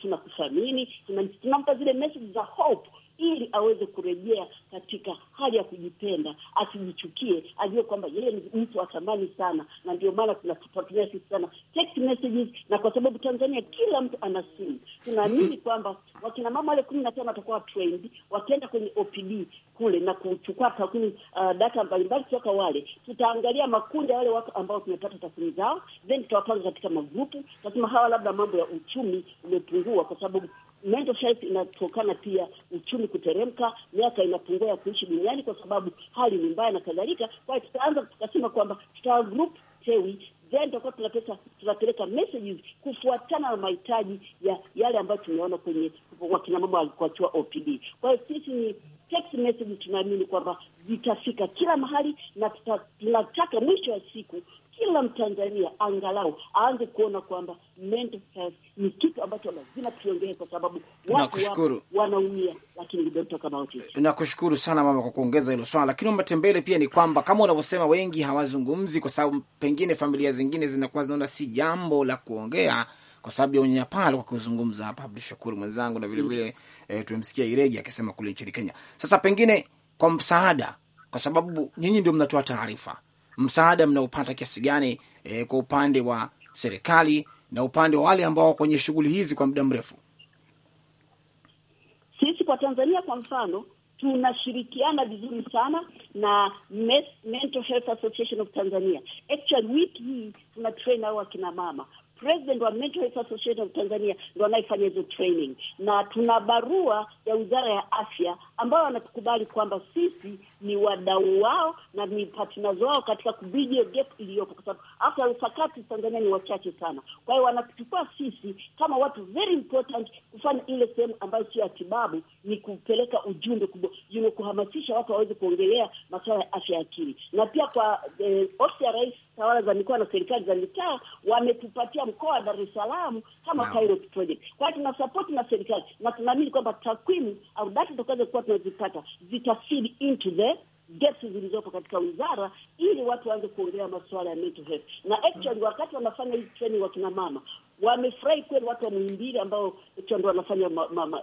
tunakuthamini, tunampa zile message za hope ili aweze kurejea katika hali ya kujipenda, asijichukie, ajue kwamba yeye ni mtu wa thamani sana, na ndio maana tunatupatia sisi sana text messages, na kwa sababu Tanzania kila mtu ana simu, tunaamini kwamba wakina mama wale kumi na tano watakuwa trend, wakienda kwenye OPD kule na kuchukua takwimu uh, data mbalimbali kutoka wale, tutaangalia makundi ya wale watu ambao tumepata takwimu zao, then tutawapanga katika magrupu, tasema hawa labda mambo ya uchumi umepungua, kwa sababu mental health inatokana pia uchumi kuteremka, miaka inapungua ya kuishi duniani kwa sababu hali ni mbaya na kadhalika. Kwa hiyo tutaanza tukasema kwamba tuta group tewi then tutakuwa tunapeleka tunapeleka messages kufuatana na mahitaji ya yale ambayo tumeona kwenye wakina mama walikuachiwa OPD. Kwa hiyo sisi ni text messages, tunaamini kwamba zitafika kila mahali, na tunataka mwisho wa siku kila Mtanzania angalau aanze kuona kwamba mental health kila tukiongea, kwa sababu watu wanaumia, lakini nakushukuru sana mama kwa kuongeza hilo swala. Lakini Matembele, pia ni kwamba kama unavyosema, wengi hawazungumzi kwa sababu pengine familia zingine zinakuwa zinaona si jambo la kuongea kwa sababu ya unyanyapaa kwa kuzungumza hapa Abdul Shakur mwenzangu na vile mm. vile Eh, tumemsikia Iregi akisema kule nchini Kenya. Sasa pengine kwa msaada, kwa sababu nyinyi ndio mnatoa taarifa, msaada mnaopata kiasi gani eh, kwa upande wa serikali na upande wa wale ambao kwenye shughuli hizi kwa muda mrefu? Sisi kwa Tanzania kwa mfano tunashirikiana vizuri sana na Mental Health Association of Tanzania. Actually wiki hii tuna train hao akina mama President wa Mental Health Association of Tanzania ndo anayefanya hizo training, na tuna barua ya Wizara ya Afya ambao wanatukubali kwamba sisi ni wadau wao na ni partners wao katika kubridge gap iliyopo, kwa sababu afya usakati Tanzania ni wachache sana. Kwa hiyo wanatuchukua sisi kama watu very important kufanya ile sehemu ambayo sio atibabu, ni kupeleka ujumbe kubwa, you know, kuhamasisha watu waweze kuongelea masuala ya afya ya akili. Na pia kwa eh, ofisi ya Rais, tawala za mikoa na serikali za mitaa wametupatia mkoa wa Dar es Salaam kama wow, pilot project. Kwa hiyo tuna support na serikali na tunaamini kwamba takwimu au data tutakazokuwa tunazipata zita into the gaps zilizopo katika wizara, ili watu waanze kuongea masuala ya mental health. Na actually wakati wanafanya hii training, wakina mama wamefurahi kweli. Watu wa Muhimbili ambao ndio wanafanya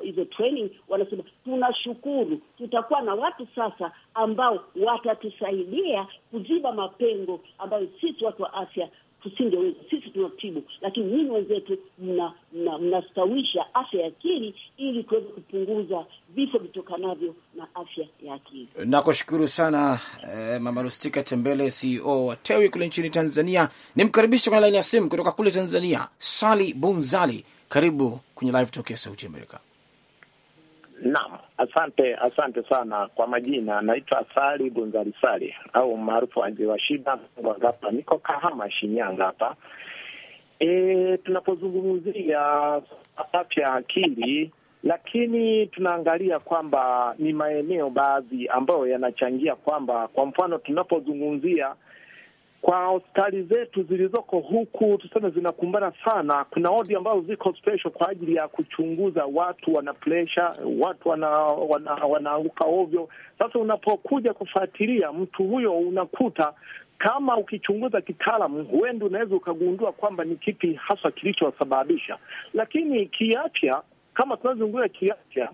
hizo training wanasema tunashukuru, tutakuwa na watu sasa ambao watatusaidia kuziba mapengo ambayo sisi watu wa afya tusingeweza sisi. Tunatibu, lakini nyinyi wenzetu mnastawisha mna, mna afya ya akili ili tuweze kupunguza vifo vitokanavyo na afya ya akili. Nakushukuru sana eh, Mama Rustika Tembele, CEO wa Tewi kule nchini Tanzania. Nimkaribishe kwenye laini ya simu kutoka kule Tanzania, Sali Bunzali, karibu kwenye Live Talk ya Sauti Amerika. Naam, asante asante sana kwa majina. Naitwa Sali Bunzari Sali au maarufu Anzi wa Shida hapa, niko Kahama, Shinyanga hapa. E, tunapozungumzia afya akili, lakini tunaangalia kwamba ni maeneo baadhi ambayo yanachangia, kwamba kwa mfano tunapozungumzia kwa hospitali zetu zilizoko huku tuseme zinakumbana sana. Kuna wodi ambazo ziko special kwa ajili ya kuchunguza watu wana presha, watu wanaanguka wana, wana ovyo. Sasa unapokuja kufuatilia mtu huyo unakuta kama ukichunguza kitaalamu huenda unaweza ukagundua kwamba ni kipi haswa kilichosababisha, lakini kiafya, kama tunazungumza kiafya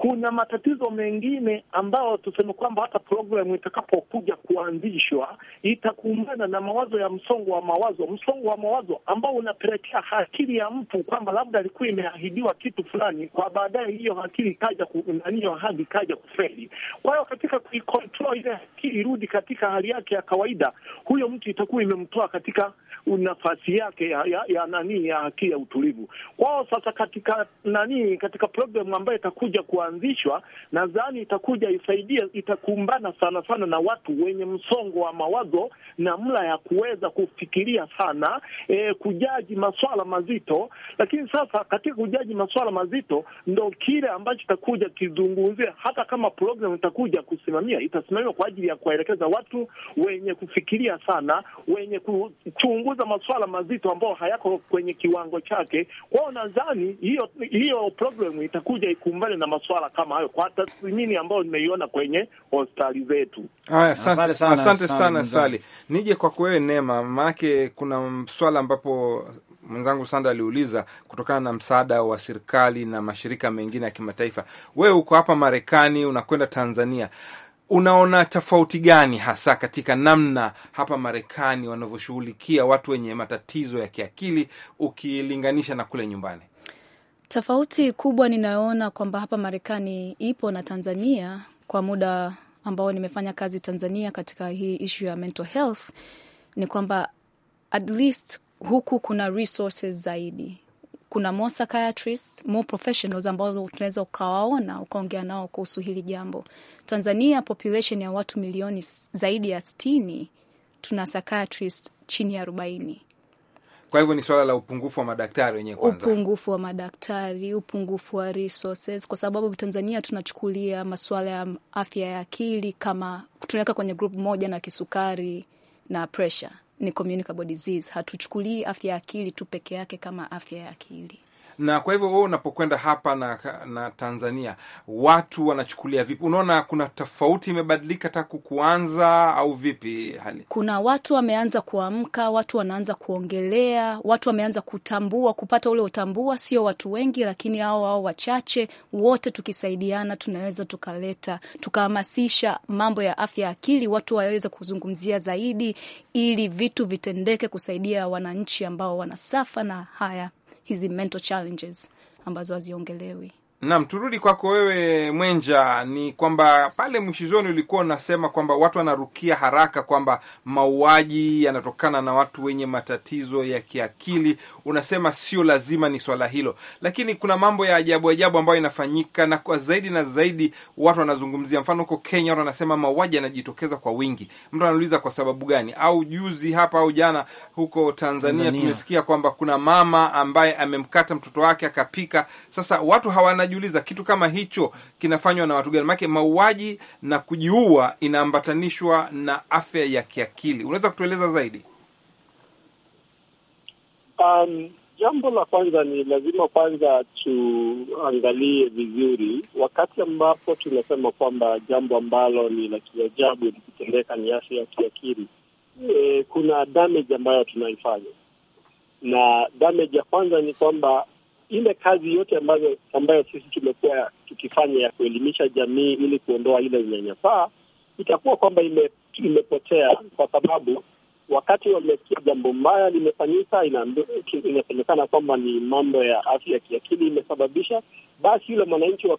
kuna matatizo mengine ambayo tuseme kwamba hata programu itakapokuja kuanzishwa itakumbana na mawazo ya msongo wa mawazo, msongo wa mawazo ambao unapelekea akili ya mtu kwamba labda alikuwa imeahidiwa kitu fulani, kwa baadaye hiyo akili ikaja hiyo ahadi ikaja kufeli. Kwa hiyo katika kuikontrol ile akili irudi katika hali yake ya kawaida, huyo mtu itakuwa imemtoa katika nafasi yake ya, ya, ya nani ya akili ya utulivu. Kwa sasa katika nani, katika programu ambayo itakuja kuanzishwa itaanzishwa, nadhani itakuja isaidia, itakumbana sana sana na watu wenye msongo wa mawazo na mla ya kuweza kufikiria sana, e, kujaji maswala mazito. Lakini sasa katika kujaji maswala mazito ndo kile ambacho itakuja kizungumzia, hata kama programu itakuja kusimamia, itasimamiwa kwa ajili ya kuwaelekeza watu wenye kufikiria sana, wenye kuchunguza maswala mazito ambayo hayako kwenye kiwango chake kwao. Nadhani hiyo hiyo programu itakuja ikumbane na maswala masuala kama hayo kwa tathmini ambayo nimeiona kwenye hospitali zetu. Haya, asante sana, asante sana Sali. Nije kwako wewe Neema, maanake kuna swala ambapo mwenzangu Sanda aliuliza kutokana na msaada wa serikali na mashirika mengine ya kimataifa. Wewe uko hapa Marekani, unakwenda Tanzania, unaona tofauti gani hasa katika namna hapa Marekani wanavyoshughulikia watu wenye matatizo ya kiakili ukilinganisha na kule nyumbani? Tofauti kubwa ninayoona kwamba hapa Marekani ipo na Tanzania kwa muda ambao nimefanya kazi Tanzania katika hii ishu ya mental health ni kwamba at least huku kuna resources zaidi, kuna more psychiatrists, more professionals ambazo tunaweza ukawaona ukaongea nao kuhusu hili jambo. Tanzania population ya watu milioni zaidi ya sitini, tuna psychiatrists chini ya arobaini kwa hivyo ni swala la upungufu wa madaktari wenyewe kwanza, upungufu wa madaktari, upungufu wa resources, kwa sababu Tanzania tunachukulia masuala ya afya ya akili kama tunaweka kwenye group moja na kisukari na pressure, ni communicable disease. Hatuchukulii afya ya akili tu peke yake kama afya ya akili. Na kwa hivyo wewe unapokwenda hapa na, na Tanzania watu wanachukulia vipi? Unaona kuna tofauti imebadilika tangu kuanza au vipi hali? Kuna watu wameanza kuamka, watu wanaanza kuongelea, watu wameanza kutambua, kupata ule utambua. Sio watu wengi, lakini hao hao wachache, wote tukisaidiana tunaweza tukaleta tukahamasisha mambo ya afya ya akili, watu waweze kuzungumzia zaidi, ili vitu vitendeke kusaidia wananchi ambao wanasafa na haya hizi mental challenges ambazo haziongelewi. Naam, turudi kwako wewe Mwenja, ni kwamba pale mwishizoni ulikuwa unasema kwamba watu wanarukia haraka kwamba mauaji yanatokana na watu wenye matatizo ya kiakili. Unasema sio lazima ni swala hilo, lakini kuna mambo ya ajabu ajabu ambayo inafanyika, na kwa zaidi na zaidi watu wanazungumzia. Mfano huko Kenya watu wanasema mauaji yanajitokeza kwa wingi, mtu anauliza kwa sababu gani? Au juzi hapa au jana huko Tanzania, Tanzania, tumesikia kwamba kuna mama ambaye amemkata mtoto wake akapika. Sasa watu hawana najiuliza kitu kama hicho kinafanywa na watu gani? Maanake mauaji na kujiua inaambatanishwa na afya ya kiakili. Unaweza kutueleza zaidi? Um, jambo la kwanza ni lazima kwanza tuangalie vizuri, wakati ambapo tunasema kwamba jambo ambalo ni la kiajabu likitendeka ni afya ya kiakili e, kuna damage ambayo tunaifanya, na damage ya kwanza ni kwamba ile kazi yote ambayo, ambayo sisi tumekuwa tukifanya ya kuelimisha jamii ili kuondoa ile unyanyapaa itakuwa kwamba ime, imepotea kwa sababu wakati wamesikia jambo mbaya limefanyika, inasemekana kwamba ni mambo ya afya ya kiakili imesababisha, basi yule mwananchi wa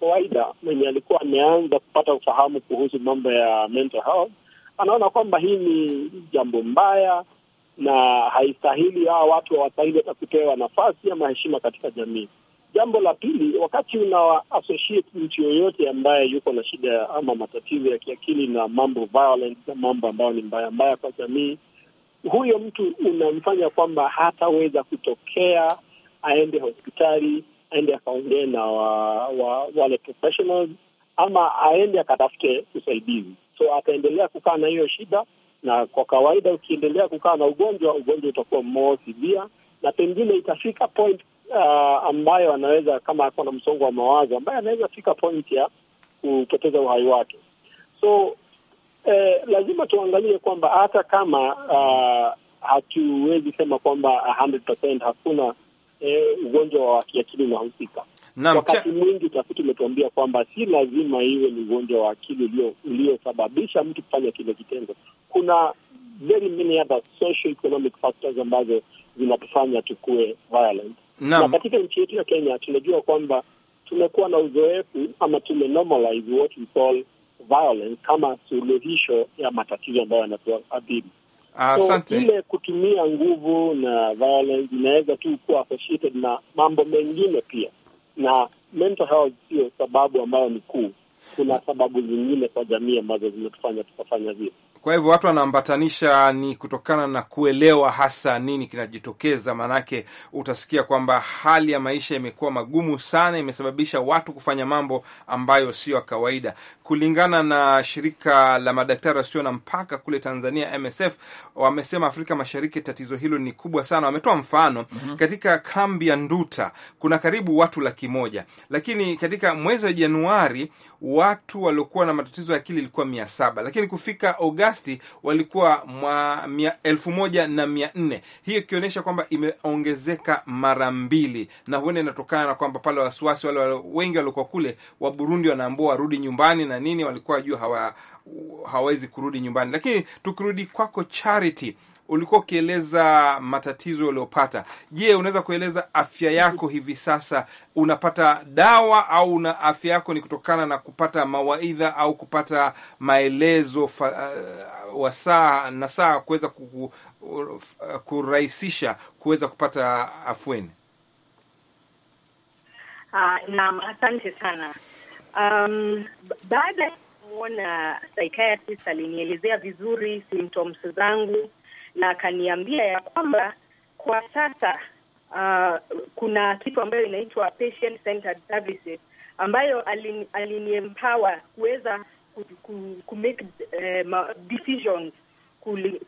kawaida mwenye alikuwa ameanza kupata ufahamu kuhusu mambo ya mental health anaona kwamba hii ni jambo mbaya na haistahili, hawa watu hawastahili hata kupewa nafasi ama heshima katika jamii. Jambo la pili, wakati una associate mtu yoyote ambaye yuko na shida ama matatizo ya kiakili na mambo violence, na mambo ambayo ni mbaya mbaya kwa jamii, huyo mtu unamfanya kwamba hataweza kutokea aende hospitali, aende akaongee na wa, wa, wale professionals ama aende akatafute usaidizi. So ataendelea kukaa na hiyo shida na kwa kawaida ukiendelea kukaa na ugonjwa, ugonjwa utakuwa mmosibia na pengine itafika point uh, ambayo anaweza kama ako na msongo wa mawazo, ambaye anaweza fika point ya kupoteza uhai wake. So eh, lazima tuangalie kwamba hata kama uh, hatuwezi sema kwamba 100% hakuna eh, ugonjwa wa kiakili unahusika na wakati mwingi utafiti umetuambia kwamba si lazima iwe ni ugonjwa wa akili uliosababisha mtu kufanya kile kitendo. Kuna very many other socio economic factors ambazo zinatufanya tukue violent. Na katika nchi yetu ya Kenya tunajua kwamba tumekuwa na uzoefu ama normalize what we call violence kama suluhisho ya matatizo ambayo yanatuadhiri. Asante. So, ile kutumia nguvu na violence inaweza tu kuwa associated na mambo mengine pia na mental health sio sababu ambayo ni kuu. Kuna sababu zingine kwa jamii ambazo zimetufanya tukafanya vile. Kwa hivyo watu wanaambatanisha ni kutokana na kuelewa hasa nini kinajitokeza. Maanake utasikia kwamba hali ya maisha imekuwa magumu sana, imesababisha watu kufanya mambo ambayo sio ya kawaida. Kulingana na shirika la madaktari wasio na mpaka kule Tanzania, MSF, wamesema Afrika Mashariki tatizo hilo ni kubwa sana. Wametoa mfano mm -hmm. katika kambi ya Nduta kuna karibu watu laki moja, lakini katika mwezi wa Januari watu waliokuwa na matatizo ya akili ilikuwa mia saba, lakini kufika Agosti Agasti walikuwa mwa elfu moja na mia nne, hiyo ikionyesha kwamba imeongezeka mara mbili, na huenda inatokana na kwamba pale wasiwasi wale, wale wengi waliokuwa kule wa Burundi wanaambua warudi nyumbani na nini, walikuwa wajua hawa hawawezi kurudi nyumbani. Lakini tukirudi kwako Charity, ulikuwa ukieleza matatizo uliopata. Je, unaweza kueleza afya yako hivi sasa? Unapata dawa au na afya yako ni kutokana na kupata mawaidha au kupata maelezo uh, wasaa na saa kuweza uh, kurahisisha kuweza kupata afueni? Uh, naam, asante sana. Um, baada ya kuona psychiatrist alinielezea vizuri symptoms zangu na akaniambia ya kwamba kwa sasa uh, kuna kitu ambayo inaitwa patient centered services ambayo alini, kuweza ku, ku, ku make uh, decisions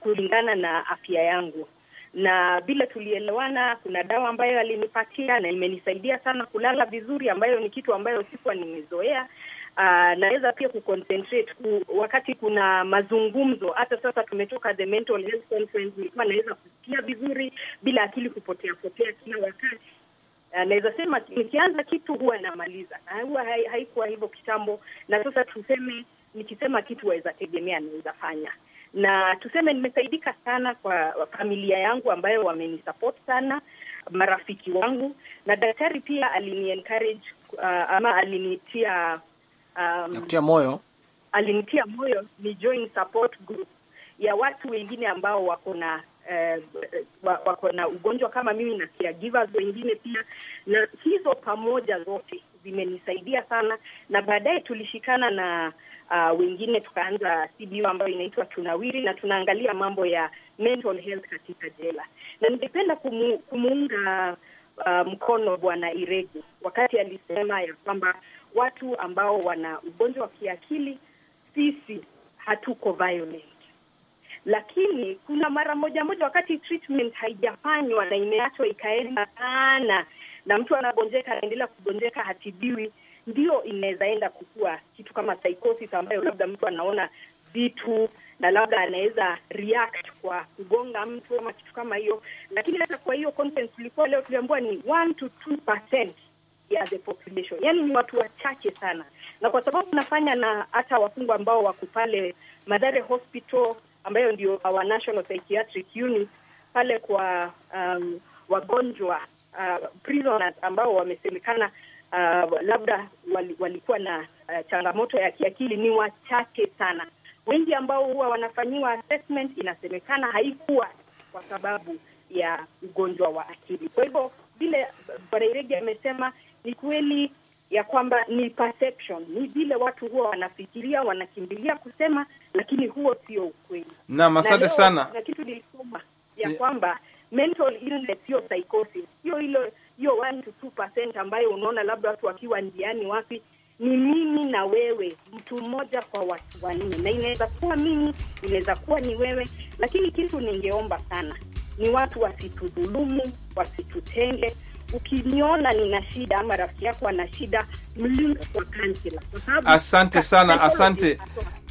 kulingana na afya yangu na bila tulielewana, kuna dawa ambayo alinipatia na imenisaidia sana kulala vizuri, ambayo ni kitu ambayo sikuwa nimezoea, uh, naweza pia kuconcentrate ku, wakati kuna mazungumzo. Hata sasa tumetoka the mental health conference, nilikuwa naweza kusikia vizuri bila akili kupotea potea kila wakati. Ah, naweza sema nikianza kitu huwa namaliza, na ah, huwa haikuwa hivyo kitambo, na sasa tuseme nikisema kitu waweza tegemea naweza fanya na tuseme nimesaidika sana kwa familia yangu ambayo wamenisupport sana, marafiki wangu na daktari pia alini uh, ama alinitia um, nakutia moyo, alinitia moyo ni join support group ya watu wengine ambao wako na eh, wako na ugonjwa kama mimi na caregivers wengine pia, na hizo pamoja zote zimenisaidia sana, na baadaye tulishikana na uh, wengine tukaanza CBU ambayo inaitwa Tunawiri, na tunaangalia mambo ya mental health katika jela, na ningependa kumu, kumuunga uh, mkono Bwana iregu wakati alisema ya kwamba watu ambao wana ugonjwa wa kiakili sisi hatuko violent, lakini kuna mara moja moja wakati treatment haijafanywa na imeachwa ikaenda sana na mtu anagonjeka, anaendelea kugonjeka, hatibiwi, ndio inawezaenda kukua kitu kama psychosis, ambayo labda mtu anaona vitu na labda anaweza react kwa kugonga mtu ama kitu kama hiyo. Lakini hata kwa hiyo content tulikuwa leo tuliambiwa ni 1 to 2% ya the population, yani ni watu wachache sana, na kwa sababu nafanya na hata wafungwa ambao wako pale Madhare Hospital ambayo ndio our National Psychiatric Unit pale kwa um, wagonjwa uh, prisoners ambao wamesemekana uh, labda wali, walikuwa na uh, changamoto ya kiakili ni wachache sana. Wengi ambao huwa wanafanyiwa assessment inasemekana haikuwa kwa sababu ya ugonjwa wa akili. Kwa hivyo vile Bwana Irege amesema ni kweli ya kwamba ni perception, ni vile watu huwa wanafikiria, wanakimbilia kusema, lakini huo sio ukweli. Naam, asante sana. Na kitu nilisoma ya kwamba mental illness sio psychosis, sio hilo hiyo 1 to 2% ambayo unaona labda watu wakiwa njiani wapi ni mimi na wewe, mtu mmoja kwa watu wanne, na inaweza kuwa mimi, inaweza kuwa ni wewe. Lakini kitu ningeomba sana ni watu wasitudhulumu, wasitutenge, ukiniona nina shida ama rafiki yako ana shida, mlinge kwa kansela. Asante sana, asante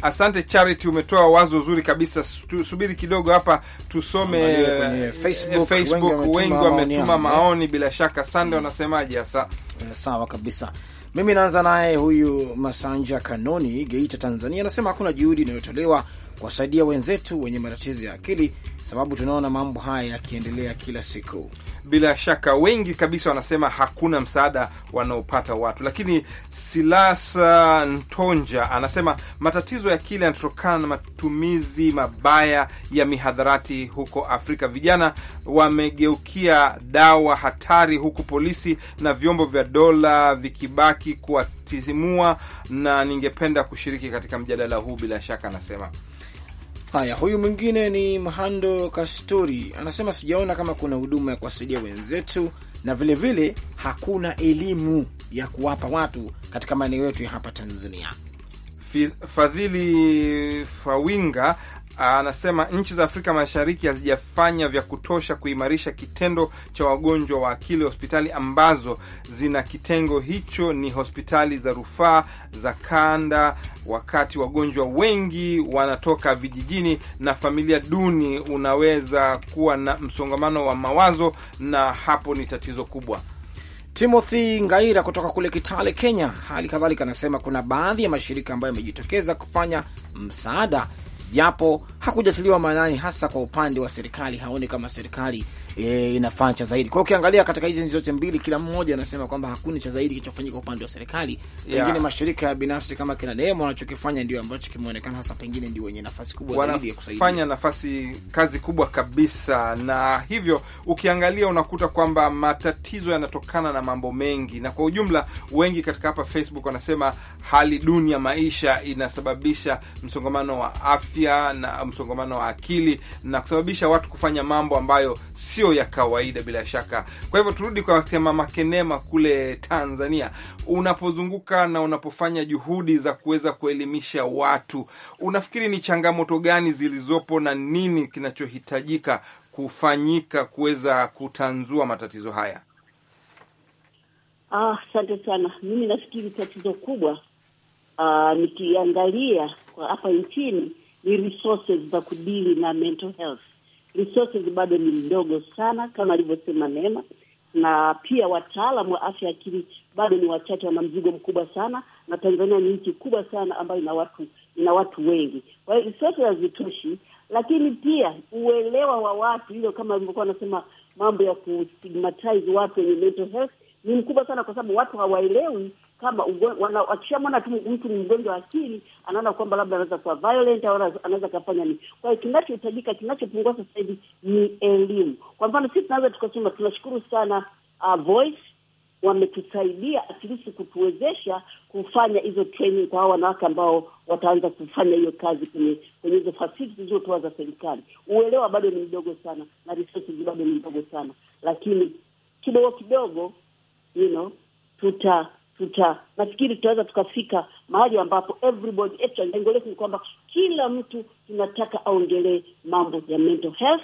asante Charity, umetoa wazo zuri kabisa. Subiri kidogo hapa tusome Facebook, eh, Facebook wengi wametuma eh. maoni bila shaka. Sande, wanasemaje mm. hasa? Eh, sawa kabisa. Mimi naanza naye huyu Masanja Kanoni, Geita, Tanzania, anasema hakuna juhudi inayotolewa kuwasaidia wenzetu wenye matatizo ya akili, sababu tunaona mambo haya yakiendelea kila siku. Bila shaka wengi kabisa wanasema hakuna msaada wanaopata watu, lakini Silasa uh, Ntonja anasema matatizo ya akili yanatokana na matumizi mabaya ya mihadharati huko Afrika. Vijana wamegeukia dawa hatari, huku polisi na vyombo vya dola vikibaki kuwatizimua, na ningependa kushiriki katika mjadala huu. Bila shaka anasema Haya, huyu mwingine ni Mhando kasturi anasema sijaona kama kuna huduma ya kuwasaidia wenzetu na vilevile vile, hakuna elimu ya kuwapa watu katika maeneo yetu ya hapa Tanzania. Fadhili Fawinga Ah, anasema nchi za Afrika Mashariki hazijafanya vya kutosha kuimarisha kitendo cha wagonjwa wa akili. Hospitali ambazo zina kitengo hicho ni hospitali za rufaa za kanda, wakati wagonjwa wengi wanatoka vijijini na familia duni, unaweza kuwa na msongamano wa mawazo, na hapo ni tatizo kubwa. Timothy Ngaira kutoka kule Kitale, Kenya, hali kadhalika anasema kuna baadhi ya mashirika ambayo yamejitokeza kufanya msaada japo hakujatiliwa maanani hasa kwa upande wa serikali. Haoni kama serikali e, inafanya cha zaidi. Kwa hiyo ukiangalia katika hizi zote mbili, kila mmoja anasema kwamba hakuna cha zaidi kilichofanyika upande wa serikali, pengine yeah. mashirika ya binafsi kama kina Demo wanachokifanya ndio ambacho kimeonekana hasa, pengine ndio wenye nafasi kubwa zaidi ya kusaidia, fanya nafasi kazi kubwa kabisa, na hivyo ukiangalia unakuta kwamba matatizo yanatokana na mambo mengi, na kwa ujumla wengi katika hapa Facebook wanasema hali duni ya maisha inasababisha msongamano wa afya na msongamano wa akili na kusababisha watu kufanya mambo ambayo sio sio ya kawaida bila shaka. Kwa hivyo turudi kwa mama Makenema kule Tanzania. Unapozunguka na unapofanya juhudi za kuweza kuelimisha watu, unafikiri ni changamoto gani zilizopo na nini kinachohitajika kufanyika kuweza kutanzua matatizo haya? Ah, asante ah, sana. Mimi nafikiri tatizo kubwa ah, nikiangalia kwa hapa nchini ni resources za kudili na mental health resources bado ni mdogo sana kama alivyosema Neema, na pia wataalam wa afya ya akili bado ni wachache, wana mzigo mkubwa sana, na Tanzania ni nchi kubwa sana ambayo ina watu ina watu wengi, kwa hiyo resources hazitoshi, lakini pia uelewa wa watu, hilo kama alivyokuwa anasema mambo ya kustigmatize watu wenye mental health ni mkubwa sana, kwa sababu watu hawaelewi kama wakishamwona tu mtu ni mgonjwa akili, anaona kwamba labda anaweza kuwa violent au anaweza kafanya nini. Kwa hiyo kinachohitajika, kinachopungua sasa hivi ni elimu. Kwa mfano, sisi tunaweza tukasema tunashukuru sana uh, Voice wametusaidia atilisi kutuwezesha kufanya hizo training kwa hao wanawake ambao wataanza kufanya hiyo kazi kwenye kwenye hizo facility zilizotoa za serikali. Uelewa bado ni mdogo sana na resources bado ni mdogo sana, lakini kidogo kidogo, you know, tuta tuta nafikiri tutaweza tukafika mahali ambapo everybody actually, lengo letu ni kwamba kila mtu tunataka aongelee mambo ya mental health,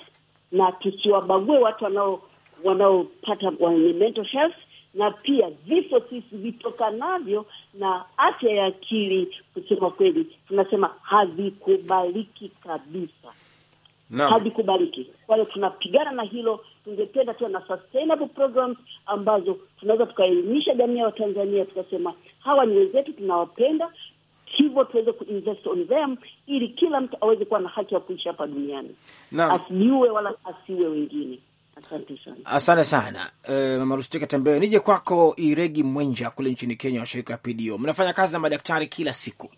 na tusiwabague watu wanao wanaopata wenye mental health, na pia vifo sisi vitokanavyo na afya ya akili, kusema kweli, tunasema havikubaliki kabisa, havikubaliki. Kwa hiyo tunapigana na hilo tungependa tuwa na sustainable programs ambazo tunaweza tukaelimisha jamii ya Watanzania, tukasema hawa ni wenzetu, tunawapenda, hivyo tuweze kuinvest on them ili kila mtu aweze kuwa na haki ya kuishi hapa duniani, asijue wala asiwe wengine. Asante sana, asante sana eh, Mama Rustika Tembeo. Nije kwako Iregi Mwenja kule nchini Kenya wa shirika PDO, mnafanya kazi na madaktari kila siku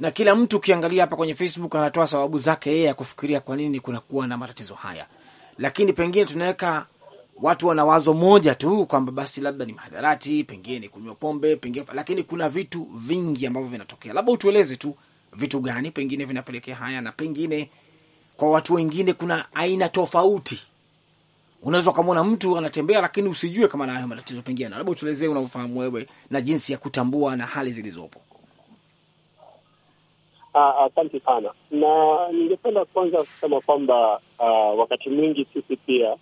na kila mtu ukiangalia hapa kwenye Facebook anatoa sababu zake yeye ya kufikiria kwa nini kunakuwa na matatizo haya lakini pengine tunaweka watu wana wazo moja tu kwamba basi labda ni mhadarati pengine ni kunywa pombe, pengine, lakini kuna vitu vingi ambavyo vinatokea. Labda utueleze tu vitu gani pengine vinapelekea haya, na pengine kwa watu wengine kuna aina tofauti. Unaweza ukamwona mtu anatembea, lakini usijue kama na hayo matatizo pengine, labda utuelezee unavyofahamu wewe na jinsi ya kutambua na hali zilizopo. Ah, ah, asante sana, na ningependa kwanza kusema kwamba ah, wakati mwingi sisi pia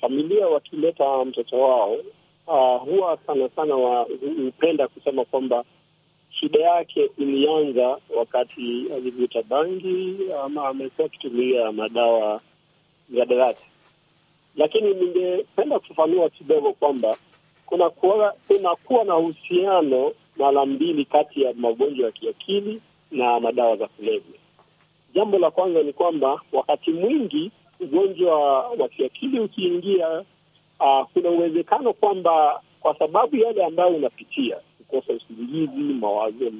familia wakileta mtoto wao huwa sana sana hupenda kusema kwamba shida yake ilianza wakati alivuta bangi ama amekuwa akitumia madawa ya darati. Lakini ningependa kufafanua kidogo kwamba kunakuwa kuna na uhusiano mara mbili kati ya magonjwa ya kiakili na madawa za kulevya. Jambo la kwanza ni kwamba wakati mwingi ugonjwa wa kiakili ukiingia, uh, kuna uwezekano kwamba kwa sababu yale ambayo unapitia, kukosa usingizi, mawazo eh,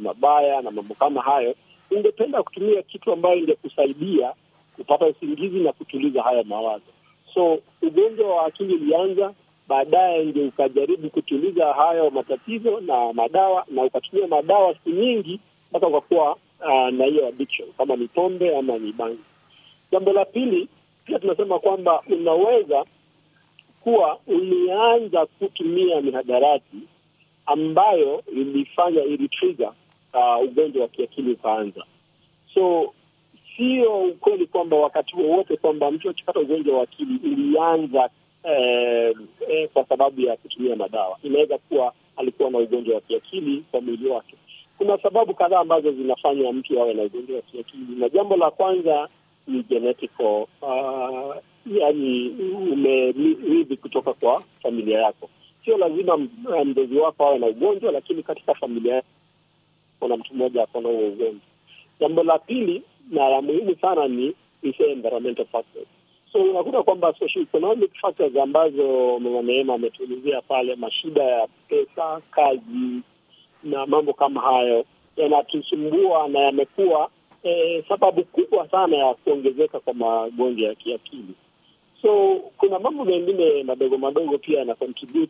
mabaya na mambo kama hayo, ungependa kutumia kitu ambayo ingekusaidia kupata usingizi na kutuliza haya mawazo. So ugonjwa wa akili ulianza baadaye ndio ukajaribu kutuliza hayo matatizo na madawa, na ukatumia madawa siku nyingi mpaka ukakuwa uh, na hiyo addiction kama ni pombe ama ni bangi. Jambo la pili pia tunasema kwamba unaweza kuwa ulianza kutumia mihadarati ambayo ilifanya ilitriga uh, ugonjwa wa kiakili ukaanza. So sio ukweli kwamba wakati wowote kwamba mtu akipata ugonjwa wa akili ulianza eh, eh, kwa sababu ya kutumia madawa. Inaweza kuwa alikuwa na ugonjwa wa kiakili kwa mwili wake. Kuna sababu kadhaa ambazo zinafanya mtu awe na ugonjwa wa kiakili, na jambo la kwanza ni genetical, uh, yani umerithi kutoka kwa familia yako. Sio lazima mzazi wako awe na ugonjwa, lakini katika familia yako kuna mtu mmoja akona huo ugonjwa. Jambo la pili na la muhimu sana ni environmental factors So unakuta kwamba factors ambazo Mama Neema ametuelezea pale, mashida ya pesa, kazi na mambo kama hayo yanatusumbua na yamekuwa e, sababu kubwa sana ya kuongezeka kwa magonjwa ya kiakili. So kuna mambo mengine madogo madogo pia yana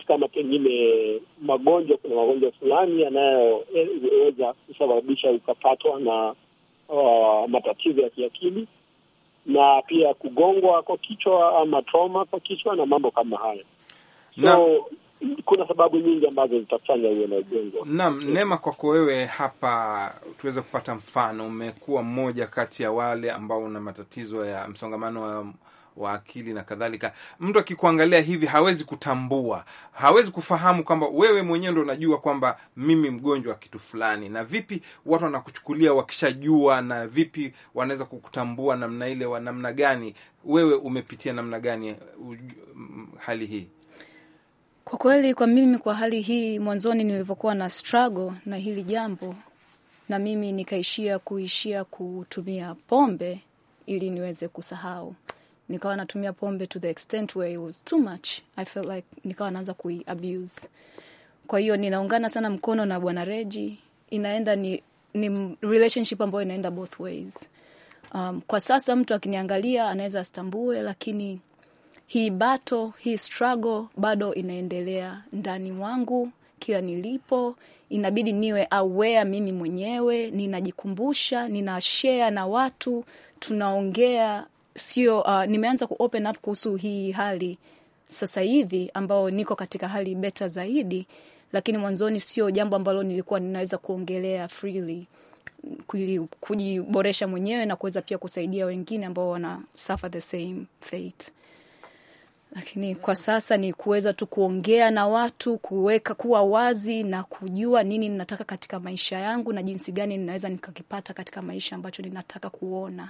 kama pengine magonjwa, kuna magonjwa fulani yanayoweza kusababisha ukapatwa na uh, matatizo ya kiakili na pia kugongwa kwa kichwa ama trauma kwa kichwa na mambo kama hayo so, na kuna sababu nyingi ambazo zitafanya uwe na ugonjwa. Naam, Neema, kwako wewe hapa tuweze kupata mfano. Umekuwa mmoja kati ya wale ambao una matatizo ya msongamano wa wa akili na kadhalika. Mtu akikuangalia hivi hawezi kutambua, hawezi kufahamu kwamba wewe mwenyewe ndo unajua kwamba mimi mgonjwa wa kitu fulani, na vipi watu wanakuchukulia wakishajua, na vipi wanaweza kukutambua namna ile, wa namna gani wewe umepitia namna gani hali hii? Kwa kweli, kwa mimi, kwa hali hii, mwanzoni nilivyokuwa na struggle na hili jambo, na mimi nikaishia kuishia kutumia pombe ili niweze kusahau nikawa natumia pombe to the extent where it was too much. I felt like nikawa naanza kui abuse. Kwa hiyo ninaungana sana mkono na Bwana Reji, inaenda ni, ni relationship ambayo inaenda both ways. Um, kwa sasa mtu akiniangalia anaweza asitambue, lakini hii bato hii struggle bado inaendelea ndani mwangu. Kila nilipo inabidi niwe aware mimi mwenyewe, ninajikumbusha, ninashare na watu, tunaongea sio uh, nimeanza ku open up kuhusu hii hali sasa hivi ambao niko katika hali beta zaidi, lakini mwanzoni sio jambo ambalo nilikuwa ninaweza kuongelea freely kujiboresha mwenyewe na kuweza pia kusaidia wengine ambao wana suffer the same fate. Lakini kwa sasa ni kuweza tu kuongea na watu, kuweka kuwa wazi na kujua nini ninataka katika maisha yangu na jinsi gani ninaweza nikakipata katika maisha ambacho ninataka kuona.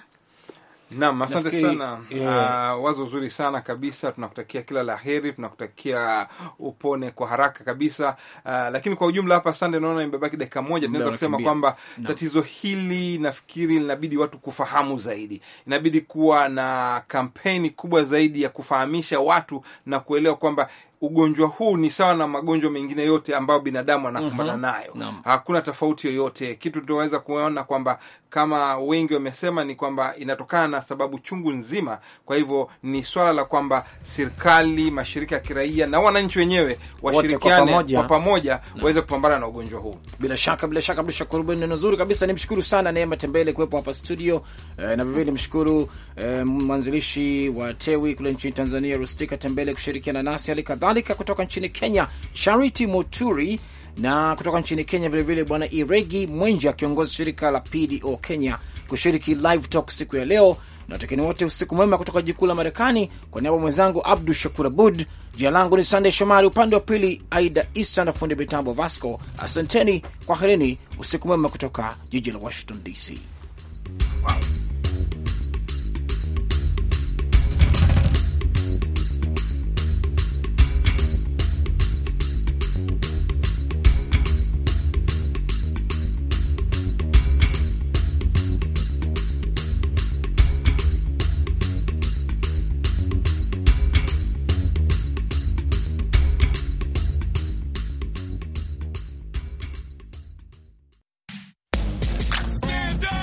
Naam, asante sana yeah. Eh, uh, wazo zuri sana kabisa, tunakutakia kila la heri, tunakutakia upone kwa haraka kabisa. Uh, lakini kwa ujumla hapa, sande, naona imebaki dakika moja, tunaweza kusema kwamba no. tatizo hili nafikiri linabidi watu kufahamu zaidi, inabidi kuwa na kampeni kubwa zaidi ya kufahamisha watu na kuelewa kwamba ugonjwa huu ni sawa na magonjwa mengine yote ambayo binadamu anakumbana mhm. nayo. mm -hmm. Hakuna tofauti yoyote. Kitu tunaweza kuona kwamba kama wengi wamesema ni kwamba inatokana na sababu chungu nzima. Kwa hivyo ni swala la kwamba serikali, mashirika ya kiraia na wananchi wenyewe washirikiane kwa pamoja waweze kupambana na ugonjwa huu. Bila shaka, bila shaka, Abdu Shakur, neno zuri kabisa. Nimshukuru sana Neema Tembele kuwepo hapa studio eh, na vilevile mshukuru eh, mwanzilishi wa Tewi kule nchini Tanzania Rustika Tembele kushirikiana nasi hali kadhaa kadhalika kutoka nchini Kenya Charity Moturi, na kutoka nchini Kenya vilevile bwana Iregi Mwenja, kiongozi shirika la PDO Kenya, kushiriki live talk siku ya leo. Na watekeni wote usiku mwema kutoka jikuu la Marekani. Kwa niaba mwenzangu Abdu Shakur Abud, jina langu ni Sandey Shomari, upande wa pili Aida Isa na fundi mitambo Vasco. Asanteni, kwaherini, usiku mwema kutoka jiji la Washington DC. Wow.